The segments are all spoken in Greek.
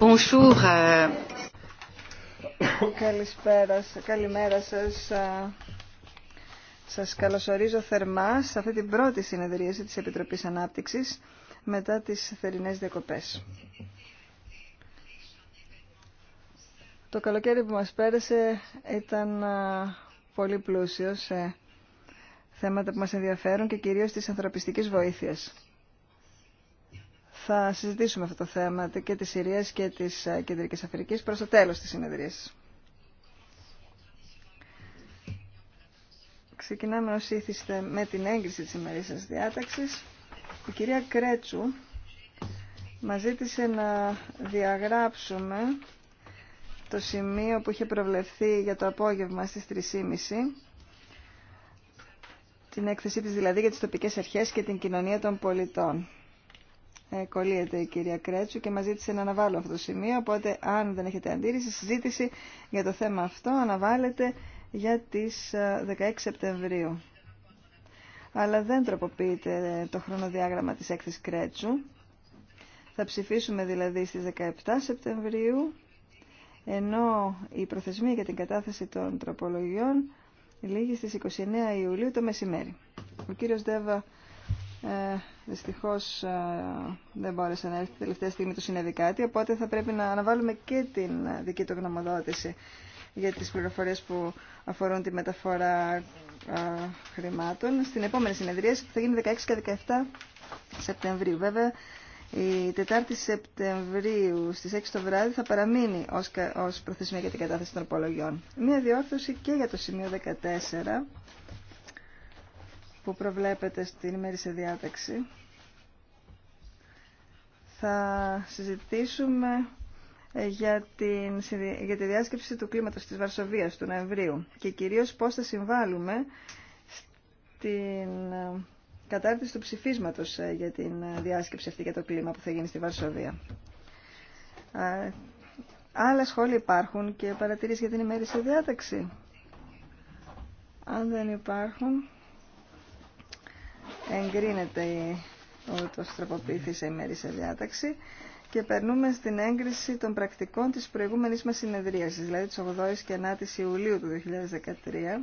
Bonjour. Euh. Καλησπέρα, καλημέρα σας. Σας καλωσορίζω θερμά σε αυτή την πρώτη συνεδρίαση της Επιτροπής Ανάπτυξης μετά τις θερινές διακοπές. Το καλοκαίρι που μας πέρασε ήταν πολύ πλούσιο σε θέματα που μας ενδιαφέρουν και κυρίως της ανθρωπιστικής βοήθειας θα συζητήσουμε αυτό το θέμα και της Συρίας και της ε, Κεντρικής Αφρικής προς το τέλος της συνεδρίας. Ξεκινάμε ως ήθιστε με την έγκριση της σας διάταξης. Η κυρία Κρέτσου μας ζήτησε να διαγράψουμε το σημείο που είχε προβλεφθεί για το απόγευμα στις 3.30 την έκθεσή της δηλαδή για τις τοπικές αρχές και την κοινωνία των πολιτών ε, κολλείεται η κυρία Κρέτσου και μας ζήτησε να αναβάλω αυτό το σημείο. Οπότε, αν δεν έχετε αντίρρηση, συζήτηση για το θέμα αυτό αναβάλλεται για τις 16 ε, Σεπτεμβρίου. Αλλά δεν τροποποιείται το χρονοδιάγραμμα της έκθεσης Κρέτσου. Θα ψηφίσουμε δηλαδή στις 17 Σεπτεμβρίου, ενώ η προθεσμία για την κατάθεση των τροπολογιών λήγει στις 29 Ιουλίου το μεσημέρι. Ο κύριος Δέβα ε, δυστυχώς ε, δεν μπόρεσε να έρθει τελευταία στιγμή του συνέβη οπότε θα πρέπει να αναβάλουμε και την ε, δική του γνωμοδότηση για τις πληροφορίες που αφορούν τη μεταφορά ε, χρημάτων στην επόμενη συνεδρία που θα γίνει 16 και 17 Σεπτεμβρίου. Βέβαια, η 4η Σεπτεμβρίου στις 6 το βράδυ θα παραμείνει ως προθεσμία για την κατάθεση των απολογιών. Μία διόρθωση και για το σημείο 14 που προβλέπεται στην ημέρησια διάταξη θα συζητήσουμε ε, για, την, για τη διάσκεψη του κλίματος της Βαρσοβίας του Νοεμβρίου και κυρίως πώς θα συμβάλλουμε στην ε, κατάρτιση του ψηφίσματος ε, για την διάσκεψη αυτή για το κλίμα που θα γίνει στη Βαρσοβία. Άλλα σχόλια υπάρχουν και παρατηρήσεις για την ημέρηση διάταξη. Αν δεν υπάρχουν, εγκρίνεται η ούτως η μέρη σε διάταξη και περνούμε στην έγκριση των πρακτικών της προηγούμενης μας συνεδρίασης, δηλαδή της 8 η και 9 η Ιουλίου του 2013.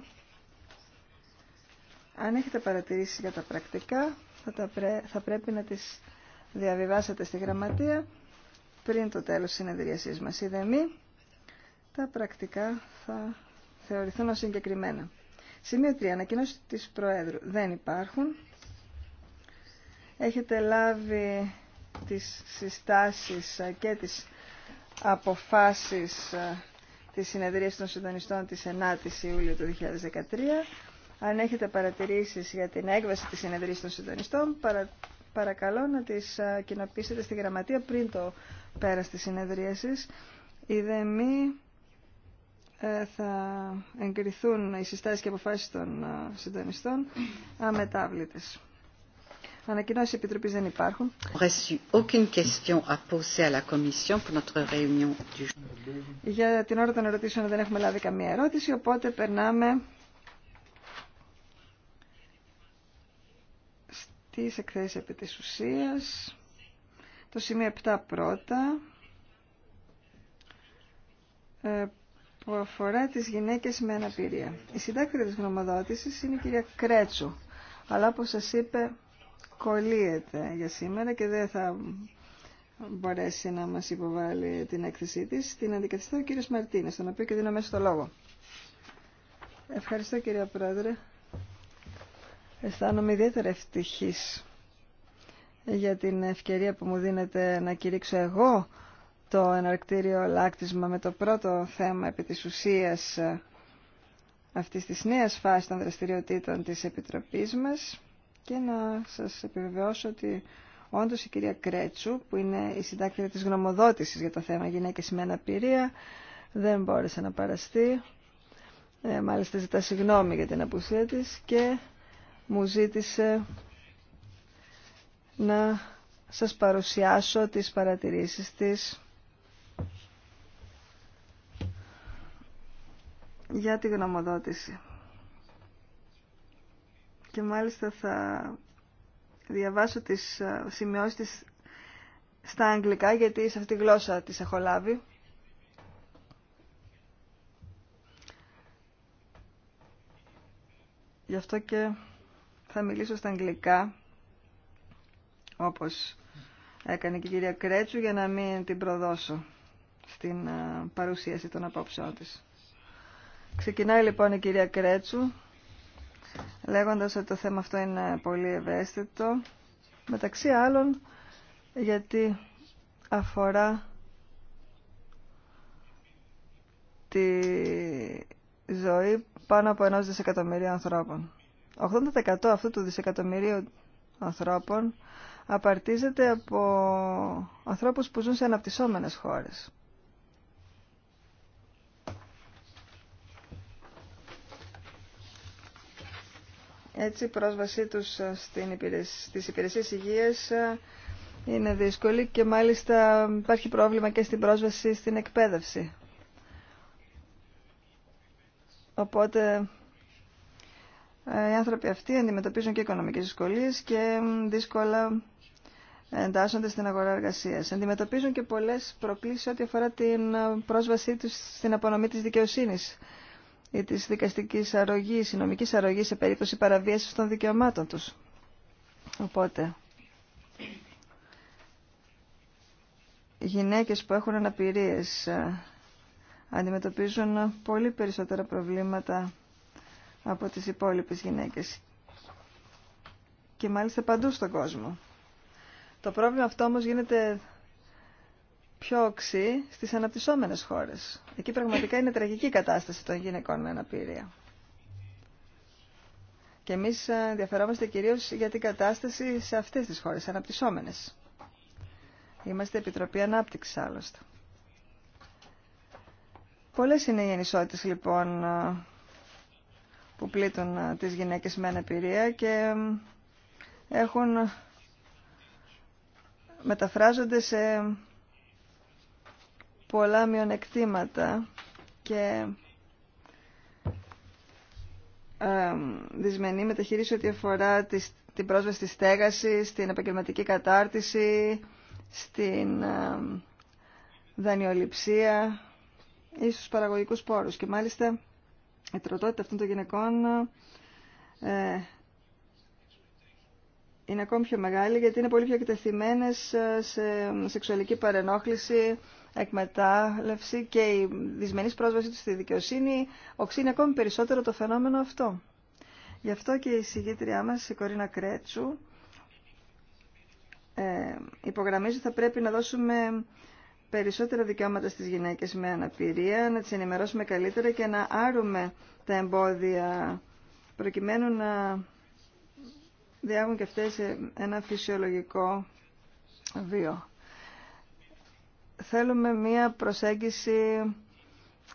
Αν έχετε παρατηρήσει για τα πρακτικά, θα, θα πρέπει να τις διαβιβάσετε στη γραμματεία πριν το τέλος της συνεδρίασής μας. Είδε μη, τα πρακτικά θα θεωρηθούν ως συγκεκριμένα. Σημείο 3. Ανακοινώσει της Προέδρου δεν υπάρχουν. Έχετε λάβει τις συστάσεις και τις αποφάσεις ε, της συνεδρίας των συντονιστών της 9ης Ιούλιου του 2013. Αν έχετε παρατηρήσεις για την έκβαση της συνεδρίας των συντονιστών, παρακαλώ να τις ε, κοινοποιήσετε στη γραμματεία πριν το πέρας της συνεδρίασης. Οι ΔΕΜΗ ε, θα εγκριθούν οι συστάσεις και αποφάσεις των συντονιστών αμετάβλητες. Ανακοινώσει επιτροπή δεν υπάρχουν. Για την ώρα των ερωτήσεων δεν έχουμε λάβει καμία ερώτηση, οπότε περνάμε στι εκθέσει επί τη ουσία. Το σημείο 7 πρώτα ε, που αφορά τις γυναίκες με αναπηρία. Η συντάκτρια της γνωμοδότησης είναι η κυρία Κρέτσου, αλλά όπως σας είπε κολλείεται για σήμερα και δεν θα μπορέσει να μας υποβάλει την έκθεσή της. Την αντικαθιστά ο κύριος Μαρτίνης, τον οποίο και δίνω μέσα το λόγο. Ευχαριστώ κύριε Πρόεδρε. Αισθάνομαι ιδιαίτερα ευτυχής για την ευκαιρία που μου δίνεται να κηρύξω εγώ το εναρκτήριο λάκτισμα με το πρώτο θέμα επί της ουσίας αυτής της νέας φάσης των δραστηριοτήτων της Επιτροπής μας και να σας επιβεβαιώσω ότι όντως η κυρία Κρέτσου, που είναι η συντάκτρια της γνωμοδότησης για το θέμα γυναίκες με αναπηρία, δεν μπόρεσε να παραστεί. Ε, μάλιστα ζητά συγγνώμη για την απουσία της και μου ζήτησε να σας παρουσιάσω τις παρατηρήσεις της για τη γνωμοδότηση και μάλιστα θα διαβάσω τις ε, σημειώσεις της στα αγγλικά γιατί σε αυτή τη γλώσσα τις έχω λάβει. Γι' αυτό και θα μιλήσω στα αγγλικά όπως έκανε και η κυρία Κρέτσου για να μην την προδώσω στην ε, παρουσίαση των απόψεών της. Ξεκινάει λοιπόν η κυρία Κρέτσου λέγοντας ότι το θέμα αυτό είναι πολύ ευαίσθητο, μεταξύ άλλων γιατί αφορά τη ζωή πάνω από ενός δισεκατομμυρίου ανθρώπων. 80% αυτού του δισεκατομμυρίου ανθρώπων απαρτίζεται από ανθρώπους που ζουν σε αναπτυσσόμενες χώρες. Έτσι η πρόσβασή τους ε, στην υπηρεσίε στις υπηρεσίες υγείας ε, είναι δύσκολη και μάλιστα υπάρχει πρόβλημα και στην πρόσβαση στην εκπαίδευση. Οπότε ε, οι άνθρωποι αυτοί αντιμετωπίζουν και οικονομικές δυσκολίες και δύσκολα εντάσσονται στην αγορά εργασίας. Αντιμετωπίζουν και πολλές προκλήσεις ό,τι αφορά την πρόσβασή τους στην απονομή της δικαιοσύνης ή της δικαστικής αρρωγής, η νομικής αρρωγής σε περίπτωση παραβίασης των δικαιωμάτων τους. Οπότε, γυναίκες που έχουν αναπηρίες ε, αντιμετωπίζουν πολύ περισσότερα προβλήματα από τις υπόλοιπες γυναίκες και μάλιστα παντού στον κόσμο. Το πρόβλημα αυτό όμως γίνεται πιο οξύ στις αναπτυσσόμενες χώρες. Εκεί πραγματικά είναι τραγική κατάσταση των γυναικών με αναπηρία. Και εμείς ε, ενδιαφερόμαστε κυρίως για την κατάσταση σε αυτές τις χώρες, αναπτυσσόμενες. Είμαστε Επιτροπή ανάπτυξη άλλωστε. Πολλές είναι οι ενισότητες, λοιπόν ε, που πλήττουν ε, τις γυναίκες με αναπηρία και έχουν μεταφράζονται σε πολλά μειονεκτήματα και δυσμενή μεταχείριση ό,τι αφορά την πρόσβαση στη στέγαση, στην επαγγελματική κατάρτιση, στην δανειοληψία ή στους παραγωγικούς πόρους. Και μάλιστα η τροτότητα αυτών των γυναικών ε, είναι ακόμη πιο μεγάλη γιατί είναι πολύ πιο εκτεθειμένες ε, σε σεξουαλική παρενόχληση, εκμετάλλευση και η δυσμενής πρόσβαση του στη δικαιοσύνη οξύνει ακόμη περισσότερο το φαινόμενο αυτό. Γι' αυτό και η συγγήτριά μας, η Κορίνα Κρέτσου, ε, υπογραμμίζει ότι θα πρέπει να δώσουμε περισσότερα δικαιώματα στις γυναίκες με αναπηρία, να τις ενημερώσουμε καλύτερα και να άρουμε τα εμπόδια προκειμένου να διάγουν και αυτές ένα φυσιολογικό βίο θέλουμε μία προσέγγιση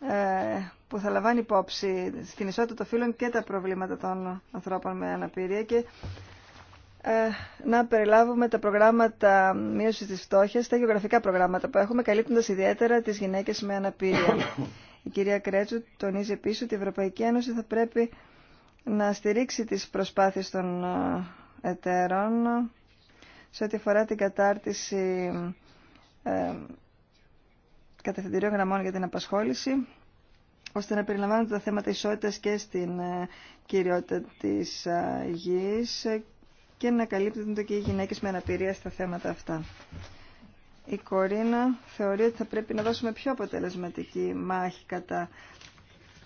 ε, που θα λαμβάνει υπόψη στην ισότητα των φύλων και τα προβλήματα των ανθρώπων με αναπηρία και ε, να περιλάβουμε τα προγράμματα μείωσης της φτώχειας, τα γεωγραφικά προγράμματα που έχουμε, καλύπτοντας ιδιαίτερα τις γυναίκες με αναπηρία. Η κυρία Κρέτσου τονίζει επίσης ότι η Ευρωπαϊκή Ένωση θα πρέπει να στηρίξει τις προσπάθειες των ε, εταίρων σε ό,τι αφορά την κατάρτιση κατευθυντηρίων γραμμών για την απασχόληση, ώστε να περιλαμβάνονται τα θέματα ισότητας και στην ε, κυριότητα της ε, γης και να το και οι γυναίκες με αναπηρία στα θέματα αυτά. Η Κορίνα θεωρεί ότι θα πρέπει να δώσουμε πιο αποτελεσματική μάχη κατά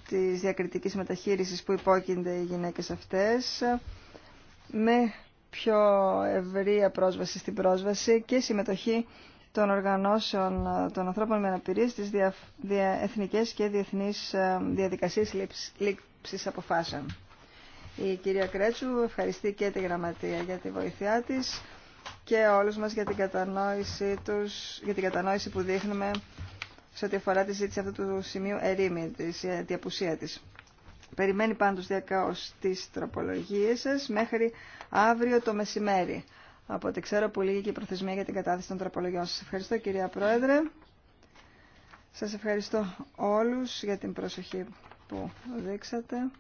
της διακριτικής μεταχείρισης που υπόκεινται οι γυναίκες αυτές με πιο ευρεία πρόσβαση στην πρόσβαση και συμμετοχή των οργανώσεων ε, των ανθρώπων με αναπηρία στις εθνικές και διεθνείς ε, διαδικασίες λήψης αποφάσεων. Η κυρία Κρέτσου ευχαριστεί και τη Γραμματεία για τη βοήθειά της και όλους μας για την κατανόηση, τους, για την κατανόηση που δείχνουμε σε ό,τι αφορά τη ζήτηση αυτού του σημείου ερήμη της, ε, τη απουσία της. Περιμένει πάντως διακάως τις τροπολογίες σας μέχρι αύριο το μεσημέρι από ό,τι ξέρω που και η προθεσμία για την κατάθεση των τροπολογιών. Σας ευχαριστώ κυρία Πρόεδρε. Σας ευχαριστώ όλους για την προσοχή που δείξατε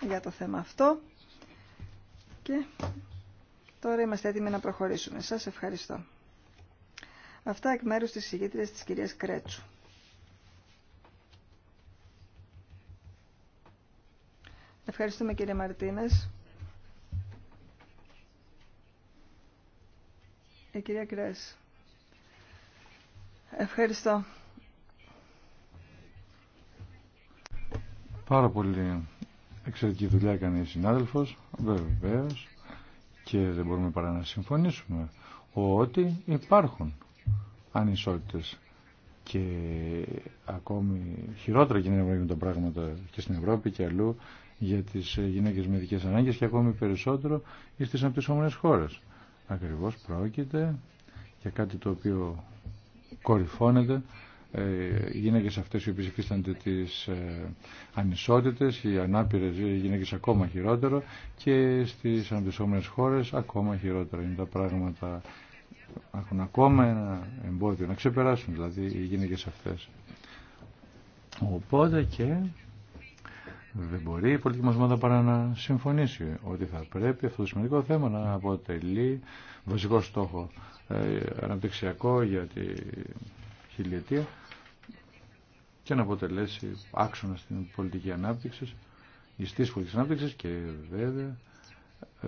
για το θέμα αυτό. Και τώρα είμαστε έτοιμοι να προχωρήσουμε. Σας ευχαριστώ. Αυτά εκ μέρους της συγκήτριας της κυρίας Κρέτσου. Ευχαριστούμε κύριε Μαρτίνες. Η ε, κυρία Κρέσ. Ευχαριστώ. Πάρα πολύ εξαιρετική δουλειά έκανε η συνάδελφος, βεβαίω και δεν μπορούμε παρά να συμφωνήσουμε ότι υπάρχουν ανισότητες και ακόμη χειρότερα γίνεται τα πράγματα και στην Ευρώπη και αλλού για τις γυναίκες με ειδικές ανάγκες και ακόμη περισσότερο στι αναπτυσσόμενε χώρες. Ακριβώς πρόκειται για κάτι το οποίο κορυφώνεται ε, οι γυναίκες αυτές οι οποίες υφίστανται τις ε, ανισότητες, οι ανάπηρες γυναίκες ακόμα χειρότερο και στις αναπτυσσόμενες χώρες ακόμα χειρότερα είναι τα πράγματα έχουν ακόμα ένα εμπόδιο να ξεπεράσουν δηλαδή οι γυναίκες αυτές οπότε και δεν μπορεί η πολιτική μας ομάδα παρά να συμφωνήσει ότι θα πρέπει αυτό το σημαντικό θέμα να αποτελεί βασικό στόχο ε, αναπτυξιακό για τη χιλιετία και να αποτελέσει άξονα στην πολιτική ανάπτυξη, ιστής πολιτικής ανάπτυξη και βέβαια ε,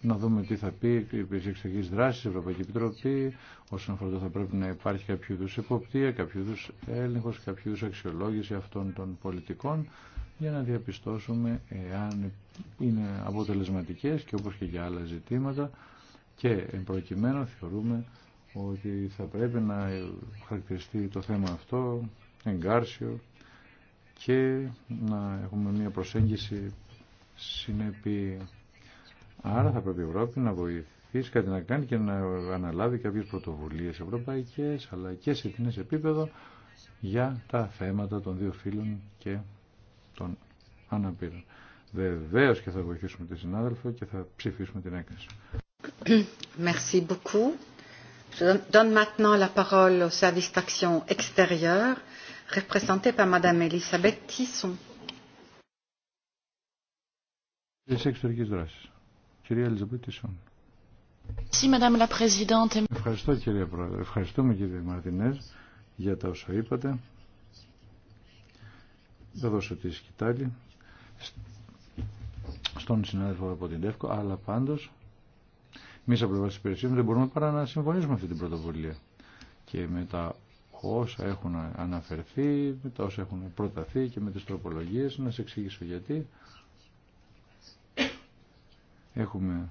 να δούμε τι θα πει η υπηρεσία εξωτερική δράση, η Ευρωπαϊκή Επιτροπή. Όσον αφορά το θα πρέπει να υπάρχει κάποιο είδου εποπτεία, κάποιο είδου έλεγχο, κάποιο είδου αξιολόγηση αυτών των πολιτικών για να διαπιστώσουμε εάν είναι αποτελεσματικές και όπως και για άλλα ζητήματα και εν προκειμένου θεωρούμε ότι θα πρέπει να χαρακτηριστεί το θέμα αυτό εγκάρσιο και να έχουμε μια προσέγγιση συνεπή. Άρα θα πρέπει η Ευρώπη να βοηθήσει κάτι να κάνει και να αναλάβει κάποιες πρωτοβουλίες ευρωπαϊκές αλλά και σε εθνές επίπεδο για τα θέματα των δύο φίλων και των αναπήρων. Βεβαίω και θα βοηθήσουμε τη συνάδελφο και θα ψηφίσουμε την έκθεση. Merci beaucoup. Je donne maintenant la parole au service d'action extérieure, représenté par Madame Elisabeth Tisson. Merci Madame la Présidente. Merci, Madame la Présidente. Μαρτινέζ για τα όσα θα δώσω τη σκητάλη στον συνάδελφο από την ΤΕΦΚΟ, αλλά πάντως εμεί από πλευρά τη υπηρεσία δεν μπορούμε παρά να συμφωνήσουμε αυτή την πρωτοβουλία. Και με τα όσα έχουν αναφερθεί, με τα όσα έχουν προταθεί και με τις τροπολογίες, να σε εξηγήσω γιατί. Έχουμε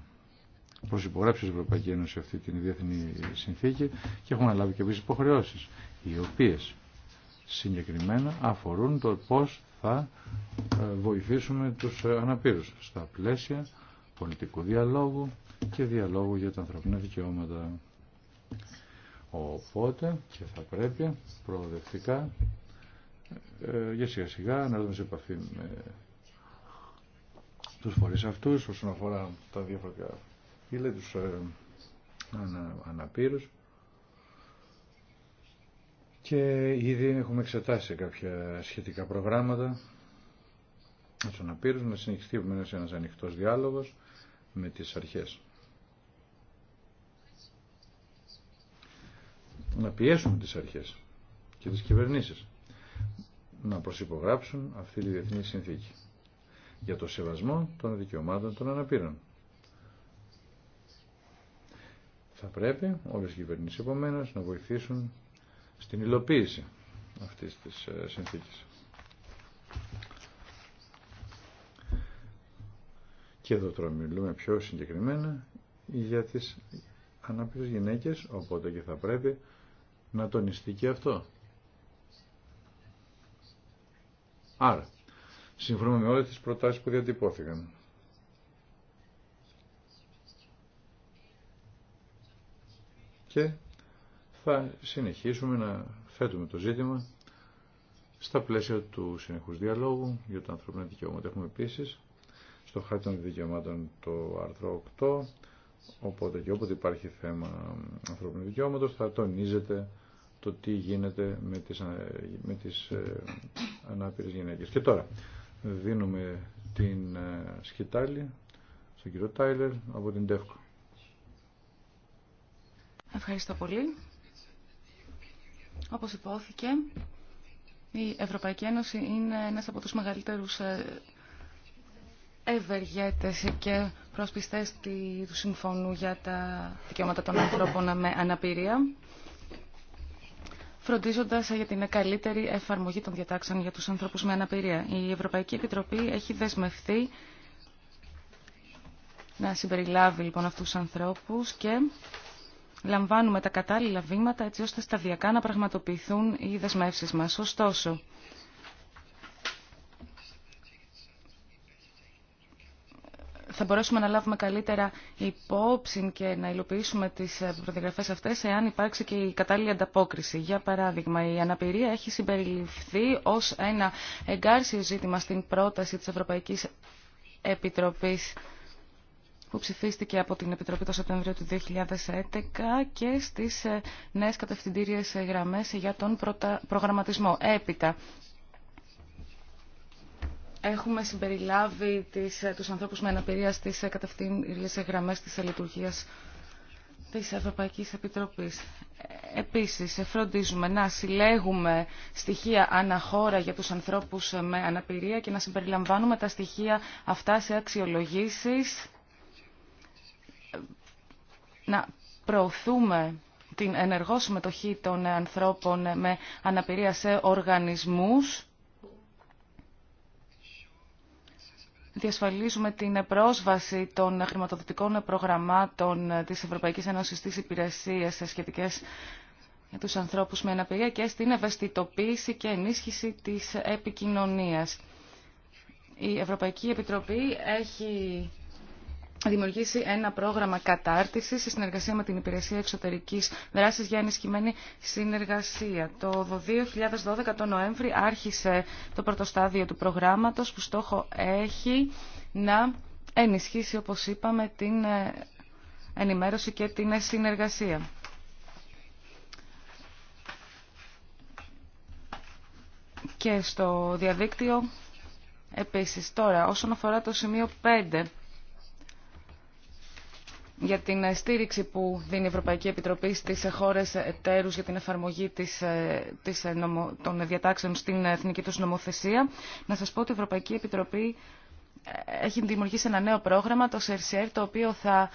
προσυπογράψει η Ευρωπαϊκή Ένωση αυτή την διεθνή συνθήκη και έχουμε αναλάβει και εμεί υποχρεώσει, οι οποίες συγκεκριμένα αφορούν το πώς θα ε, βοηθήσουμε τους ε, αναπήρους στα πλαίσια πολιτικού διαλόγου και διαλόγου για τα ανθρωπινά δικαιώματα. Οπότε και θα πρέπει προοδευτικά ε, για σιγά σιγά να έρθουμε σε επαφή με τους φορείς αυτούς όσον αφορά τα διάφορα φύλλα, τους αναπήρους και ήδη έχουμε εξετάσει κάποια σχετικά προγράμματα να αναπήρους να συνεχιστεί σε ένας ανοιχτός διάλογος με τις αρχές. Να πιέσουμε τις αρχές και τις κυβερνήσεις να προσυπογράψουν αυτή τη διεθνή συνθήκη για το σεβασμό των δικαιωμάτων των αναπήρων. Θα πρέπει όλες οι κυβερνήσεις επομένως να βοηθήσουν στην υλοποίηση αυτής της ε, συνθήκης. Και εδώ τώρα μιλούμε πιο συγκεκριμένα για τις ανάπηρες γυναίκες, οπότε και θα πρέπει να τονιστεί και αυτό. Άρα, συμφωνούμε με όλες τις προτάσεις που διατυπώθηκαν. Και θα συνεχίσουμε να θέτουμε το ζήτημα στα πλαίσια του συνεχούς διαλόγου για τα ανθρώπινα δικαιώματα. Έχουμε επίσης στο χάρτη των δικαιωμάτων το άρθρο 8, οπότε και όποτε υπάρχει θέμα ανθρώπινου δικαιώματος θα τονίζεται το τι γίνεται με τις, ε, με τις ε, ανάπηρες γυναίκες. Και τώρα δίνουμε την ε, σκητάλη στον κύριο Τάιλερ από την ΤΕΦΚΟ. Ευχαριστώ πολύ. Όπως υπόθηκε, η Ευρωπαϊκή Ένωση είναι ένας από τους μεγαλύτερους ε, ευεργέτες και προσπιστές του Συμφωνού για τα δικαιώματα των ανθρώπων με αναπηρία, φροντίζοντας για την καλύτερη εφαρμογή των διατάξεων για τους ανθρώπους με αναπηρία. Η Ευρωπαϊκή Επιτροπή έχει δεσμευθεί να συμπεριλάβει λοιπόν αυτούς τους ανθρώπους και λαμβάνουμε τα κατάλληλα βήματα έτσι ώστε σταδιακά να πραγματοποιηθούν οι δεσμεύσεις μας. Ωστόσο, θα μπορέσουμε να λάβουμε καλύτερα υπόψη και να υλοποιήσουμε τις προδιαγραφές αυτές εάν υπάρξει και η κατάλληλη ανταπόκριση. Για παράδειγμα, η αναπηρία έχει συμπεριληφθεί ως ένα εγκάρσιο ζήτημα στην πρόταση της Ευρωπαϊκής Επιτροπής που ψηφίστηκε από την Επιτροπή το Σεπτέμβριο του 2011 και στις ε, νέες κατευθυντήριες ε, γραμμές για τον προγραμματισμό. Έπειτα, έχουμε συμπεριλάβει τις, ε, τους ανθρώπους με αναπηρία στις κατευθυντήριες γραμμές της λειτουργίας της Ευρωπαϊκής Επιτροπής. Επίσης, φροντίζουμε να συλλέγουμε στοιχεία αναχώρα για τους ανθρώπους με αναπηρία και να συμπεριλαμβάνουμε τα στοιχεία αυτά σε αξιολογήσεις να προωθούμε την ενεργό συμμετοχή των ανθρώπων με αναπηρία σε οργανισμούς. Διασφαλίζουμε την πρόσβαση των χρηματοδοτικών προγραμμάτων της Ευρωπαϊκής Ένωσης στις υπηρεσίες σε σχετικές για τους ανθρώπους με αναπηρία και στην ευαισθητοποίηση και ενίσχυση της επικοινωνίας. Η Ευρωπαϊκή Επιτροπή έχει δημιουργήσει ένα πρόγραμμα κατάρτιση σε συνεργασία με την Υπηρεσία Εξωτερική Δράση για ενισχυμένη συνεργασία. Το 2012, το Νοέμβρη, άρχισε το πρώτο στάδιο του προγράμματο που στόχο έχει να ενισχύσει, όπω είπαμε, την ε, ενημέρωση και την συνεργασία. Και στο διαδίκτυο επίσης. Τώρα, όσον αφορά το σημείο 5 για την ε, στήριξη που δίνει η Ευρωπαϊκή Επιτροπή στις ε, χώρες εταίρους για την εφαρμογή της, ε, της, των διατάξεων στην εθνική τους νομοθεσία. Να σας πω ότι η Ευρωπαϊκή Επιτροπή έχει δημιουργήσει ένα νέο πρόγραμμα, το CERCER, το οποίο θα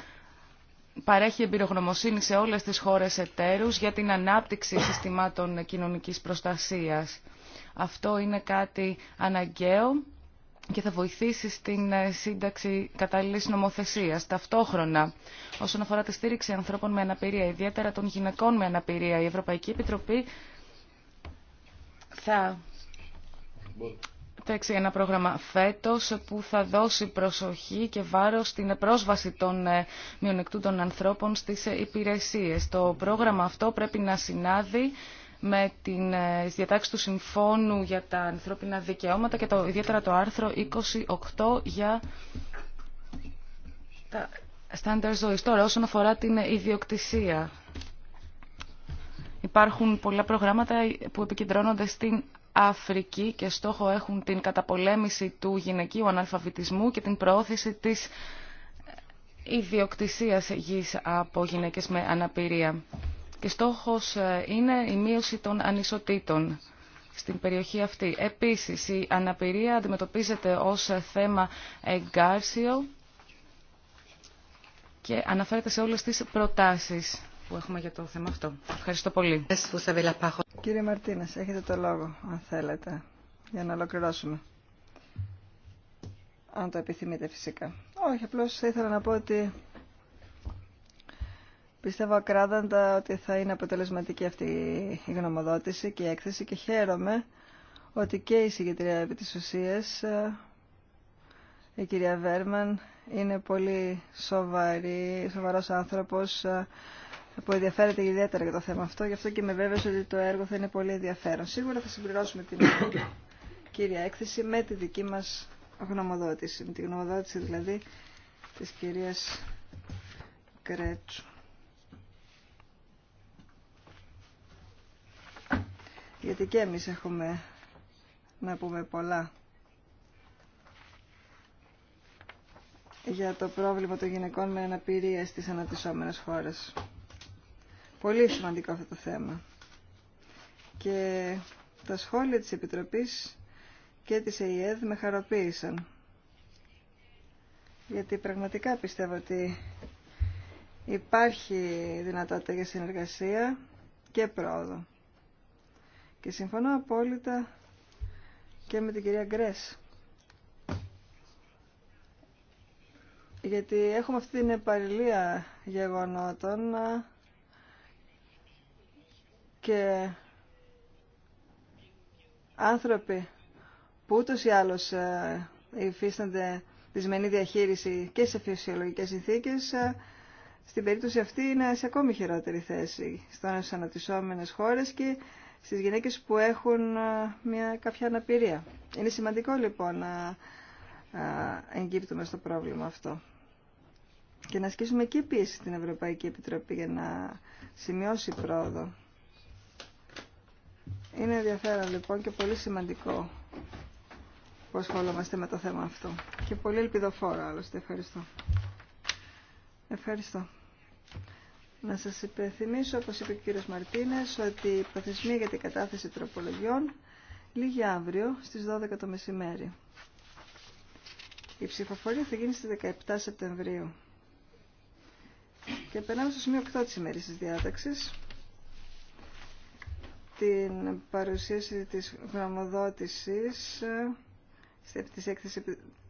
παρέχει εμπειρογνωμοσύνη σε όλες τις χώρες εταίρους για την ανάπτυξη συστημάτων κοινωνικής προστασίας. Αυτό είναι κάτι αναγκαίο και θα βοηθήσει στην ε, σύνταξη κατάλληλη νομοθεσία, Ταυτόχρονα, όσον αφορά τη στήριξη ανθρώπων με αναπηρία, ιδιαίτερα των γυναικών με αναπηρία, η Ευρωπαϊκή Επιτροπή θα Τέξει ένα πρόγραμμα φέτος που θα δώσει προσοχή και βάρος στην πρόσβαση των ε, μειονεκτούντων ανθρώπων στις ε, υπηρεσίε. Το πρόγραμμα αυτό πρέπει να συνάδει με την ε, διατάξει του Συμφώνου για τα ανθρώπινα δικαιώματα και το, ιδιαίτερα το άρθρο 28 για τα στάνταρ ζωή. Τώρα, όσον αφορά την ιδιοκτησία, υπάρχουν πολλά προγράμματα που επικεντρώνονται στην Αφρική και στόχο έχουν την καταπολέμηση του γυναικείου αναλφαβητισμού και την προώθηση της ιδιοκτησίας γης από γυναίκες με αναπηρία και στόχος ε, είναι η μείωση των ανισοτήτων στην περιοχή αυτή. Επίσης, η αναπηρία αντιμετωπίζεται ως ε, θέμα εγκάρσιο και αναφέρεται σε όλες τις προτάσεις που έχουμε για το θέμα αυτό. Ευχαριστώ πολύ. Κύριε Μαρτίνες, έχετε το λόγο, αν θέλετε, για να ολοκληρώσουμε. Αν το επιθυμείτε φυσικά. Όχι, απλώς ήθελα να πω ότι Πιστεύω ακράδαντα ότι θα είναι αποτελεσματική αυτή η γνωμοδότηση και η έκθεση και χαίρομαι ότι και η συγκεκριμένη επί της ουσίας, ε, η κυρία Βέρμαν, είναι πολύ σοβαρή, σοβαρός άνθρωπος ε, που ενδιαφέρεται ιδιαίτερα για το θέμα αυτό, γι' αυτό και με βέβαιος ότι το έργο θα είναι πολύ ενδιαφέρον. Σίγουρα θα συμπληρώσουμε την κύρια έκθεση με τη δική μας γνωμοδότηση, με τη γνωμοδότηση δηλαδή της κυρίας Κρέτσου. γιατί και εμείς έχουμε να πούμε πολλά για το πρόβλημα των γυναικών με αναπηρία στις αναπτυσσόμενες χώρες. Πολύ σημαντικό αυτό το θέμα. Και τα σχόλια της Επιτροπής και της ΕΙΕΔ με χαροποίησαν. Γιατί πραγματικά πιστεύω ότι υπάρχει δυνατότητα για συνεργασία και πρόοδο. Και συμφωνώ απόλυτα και με την κυρία Γκρέσ. Γιατί έχουμε αυτή την επαρλία γεγονότων και άνθρωποι που ούτως ή άλλως ε, υφίστανται δυσμενή διαχείριση και σε φυσιολογικές συνθήκες, ε, στην περίπτωση αυτή είναι σε ακόμη χειρότερη θέση στις αναπτυσσόμενες χώρες και στις γυναίκες που έχουν μια, κάποια αναπηρία. Είναι σημαντικό λοιπόν να εγκύπτουμε στο πρόβλημα αυτό και να ασκήσουμε και πίεση στην Ευρωπαϊκή Επιτροπή για να σημειώσει πρόοδο. Είναι ενδιαφέρον λοιπόν και πολύ σημαντικό που ασχολούμαστε με το θέμα αυτό. Και πολύ ελπιδοφόρο άλλωστε. Ευχαριστώ. Ευχαριστώ. Να σας υπενθυμίσω, όπως είπε ο κύριος Μαρτίνες, ότι η προθεσμία για την κατάθεση τροπολογιών λίγη αύριο στις 12 το μεσημέρι. Η ψηφοφορία θα γίνει στις 17 Σεπτεμβρίου. Και περνάμε στο σημείο 8 της ημέρης της διάταξης. Την παρουσίαση της γραμμοδότησης τη ε, έκθεση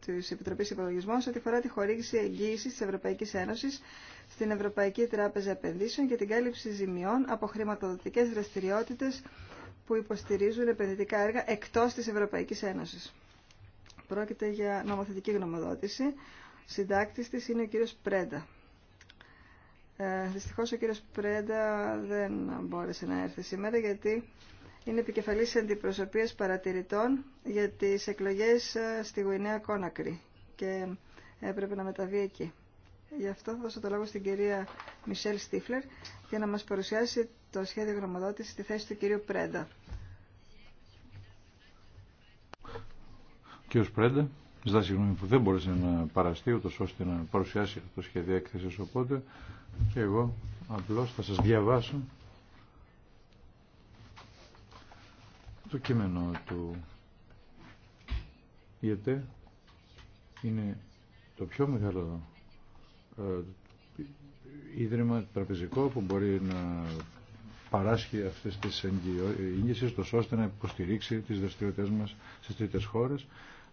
της Επιτροπή Υπολογισμών ό,τι φορά τη χορήγηση εγγύηση τη Ευρωπαϊκή Ένωση στην Ευρωπαϊκή Τράπεζα Επενδύσεων για την κάλυψη ζημιών από χρηματοδοτικές δραστηριότητες που υποστηρίζουν επενδυτικά έργα εκτός της Ευρωπαϊκής Ένωσης. Πρόκειται για νομοθετική γνωμοδότηση. Συντάκτης της είναι ο κύριος Πρέντα. Ε, δυστυχώς ο κύριος Πρέντα δεν μπόρεσε να έρθει σήμερα γιατί είναι επικεφαλής αντιπροσωπείας παρατηρητών για τις εκλογές ε, στη Γουινέα Κόνακρη και έπρεπε να μεταβεί εκεί. Γι' αυτό θα δώσω το λόγο στην κυρία Μισελ Στίφλερ για να μας παρουσιάσει το σχέδιο γνωμοδότηση στη θέση του κυρίου Πρέντα. Κύριος Πρέντα, ζητά συγγνώμη που δεν μπόρεσε να παραστεί ούτως ώστε να παρουσιάσει το σχέδιο έκθεσης οπότε και εγώ απλώς θα σας διαβάσω το κείμενο του γιατί είναι το πιο μεγάλο ε, ίδρυμα τραπεζικό που μπορεί να παράσχει αυτές τις εγγύησεις τόσο ώστε να υποστηρίξει τις δραστηριότητες μας στις τρίτες χώρες.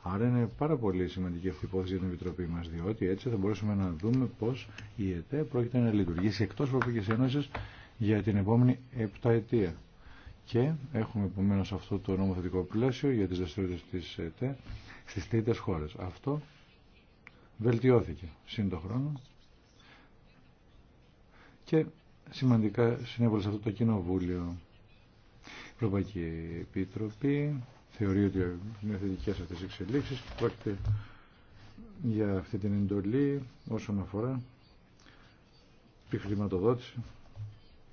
Άρα είναι πάρα πολύ σημαντική αυτή η υπόθεση για την Επιτροπή μας, διότι έτσι θα μπορούσαμε να δούμε πώς η ΕΤΕ πρόκειται να λειτουργήσει εκτός Ευρωπαϊκής Ένωσης για την επόμενη επταετία. Και έχουμε επομένως αυτό το νομοθετικό πλαίσιο για τις δραστηριότητες της ΕΤΕ στις τρίτες χώρες. Αυτό βελτιώθηκε σύν χρόνο και σημαντικά συνέβαλε σε αυτό το κοινοβούλιο. Η Ευρωπαϊκή Επιτροπή θεωρεί ότι είναι θετικές αυτές οι εξελίξεις και πρόκειται για αυτή την εντολή όσον αφορά τη χρηματοδότηση,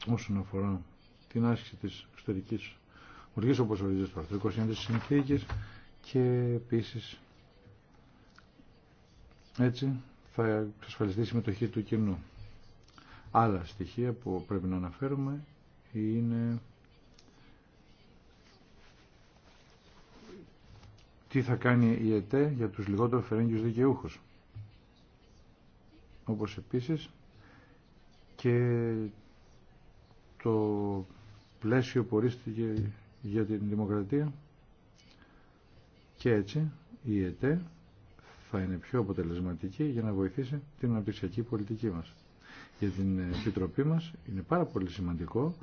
όσον αφορά την άσκηση της εξωτερικής οργής όπως ορίζεται στο αρθρικό της συνθήκης και επίσης έτσι θα εξασφαλιστεί η συμμετοχή του κοινού. Άλλα στοιχεία που πρέπει να αναφέρουμε είναι τι θα κάνει η ΕΤΕ για τους λιγότερο φερέγγιους δικαιούχους. Όπως επίσης και το πλαίσιο που ορίστηκε για την δημοκρατία και έτσι η ΕΤΕ θα είναι πιο αποτελεσματική για να βοηθήσει την αναπτυξιακή πολιτική μας. Για την Επιτροπή μας είναι πάρα πολύ σημαντικό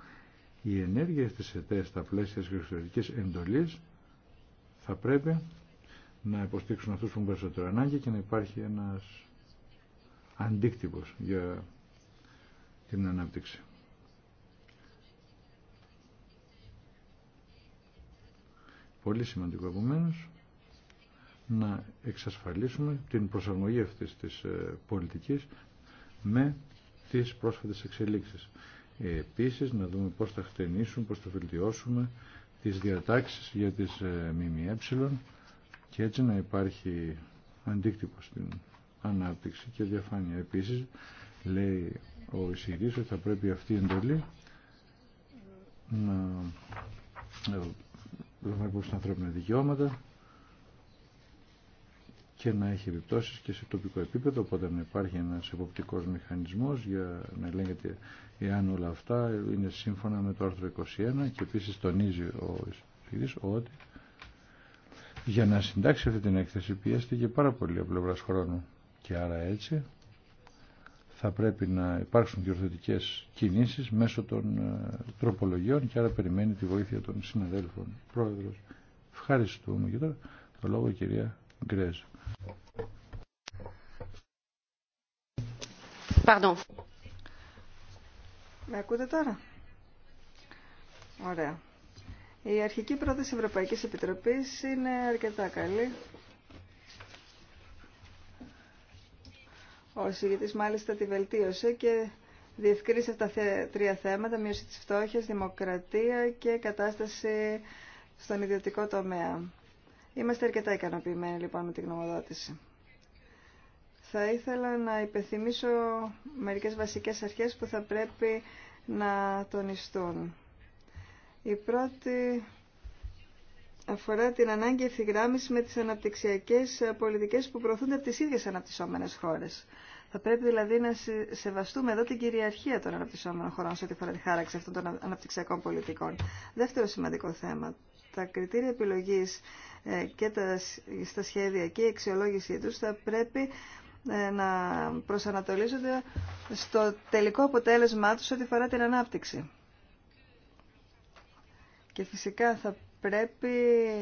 οι ενέργειες της ΕΤΕ στα πλαίσια της εξωτερικής εντολής θα πρέπει να υποστήξουν αυτούς που έχουν περισσότερο ανάγκη και να υπάρχει ένας αντίκτυπος για την ανάπτυξη. Πολύ σημαντικό επομένως να εξασφαλίσουμε την προσαρμογή αυτής της ε, πολιτικής με τις πρόσφατες εξελίξεις. Ε, επίσης να δούμε πώς θα χτενίσουμε, πώς θα βελτιώσουμε τις διατάξεις για τις ε, ΜΜΕ και έτσι να υπάρχει αντίκτυπο στην ανάπτυξη και διαφάνεια. Επίσης λέει ο Ισηρής ότι θα πρέπει αυτή η εντολή να να πώς ανθρώπινα δικαιώματα και να έχει επιπτώσεις και σε τοπικό επίπεδο, οπότε να υπάρχει ένας εποπτικός μηχανισμός για να λέγεται εάν όλα αυτά είναι σύμφωνα με το άρθρο 21 και επίσης τονίζει ο Ισπηδής ότι για να συντάξει αυτή την έκθεση πιέστηκε πάρα πολύ από πλευράς χρόνου και άρα έτσι θα πρέπει να υπάρξουν διορθωτικές κινήσεις μέσω των ε, τροπολογιών και άρα περιμένει τη βοήθεια των συναδέλφων. Πρόεδρος, ευχαριστούμε και τώρα το λόγο κυρία Pardon. Με ακούτε τώρα. Ωραία. Η αρχική πρόταση Ευρωπαϊκής Επιτροπής είναι αρκετά καλή. Ο συγητής μάλιστα τη βελτίωσε και διευκρίνησε αυτά τα τρία θέματα, μείωση της φτώχειας, δημοκρατία και κατάσταση στον ιδιωτικό τομέα. Είμαστε αρκετά ικανοποιημένοι λοιπόν με την γνωμοδότηση. Θα ήθελα να υπενθυμίσω μερικές βασικές αρχές που θα πρέπει να τονιστούν. Η πρώτη αφορά την ανάγκη ευθυγράμμιση με τις αναπτυξιακές πολιτικές που προωθούνται από τις ίδιες αναπτυσσόμενες χώρες. Θα πρέπει δηλαδή να σεβαστούμε εδώ την κυριαρχία των αναπτυσσόμενων χωρών σε ό,τι φορά τη χάραξη αυτών των αναπτυξιακών πολιτικών. Δεύτερο σημαντικό θέμα τα κριτήρια επιλογής ε, και τα, στα σχέδια και η αξιολόγησή τους θα πρέπει ε, να προσανατολίζονται στο τελικό αποτέλεσμά τους ό,τι φορά την ανάπτυξη. Και φυσικά θα πρέπει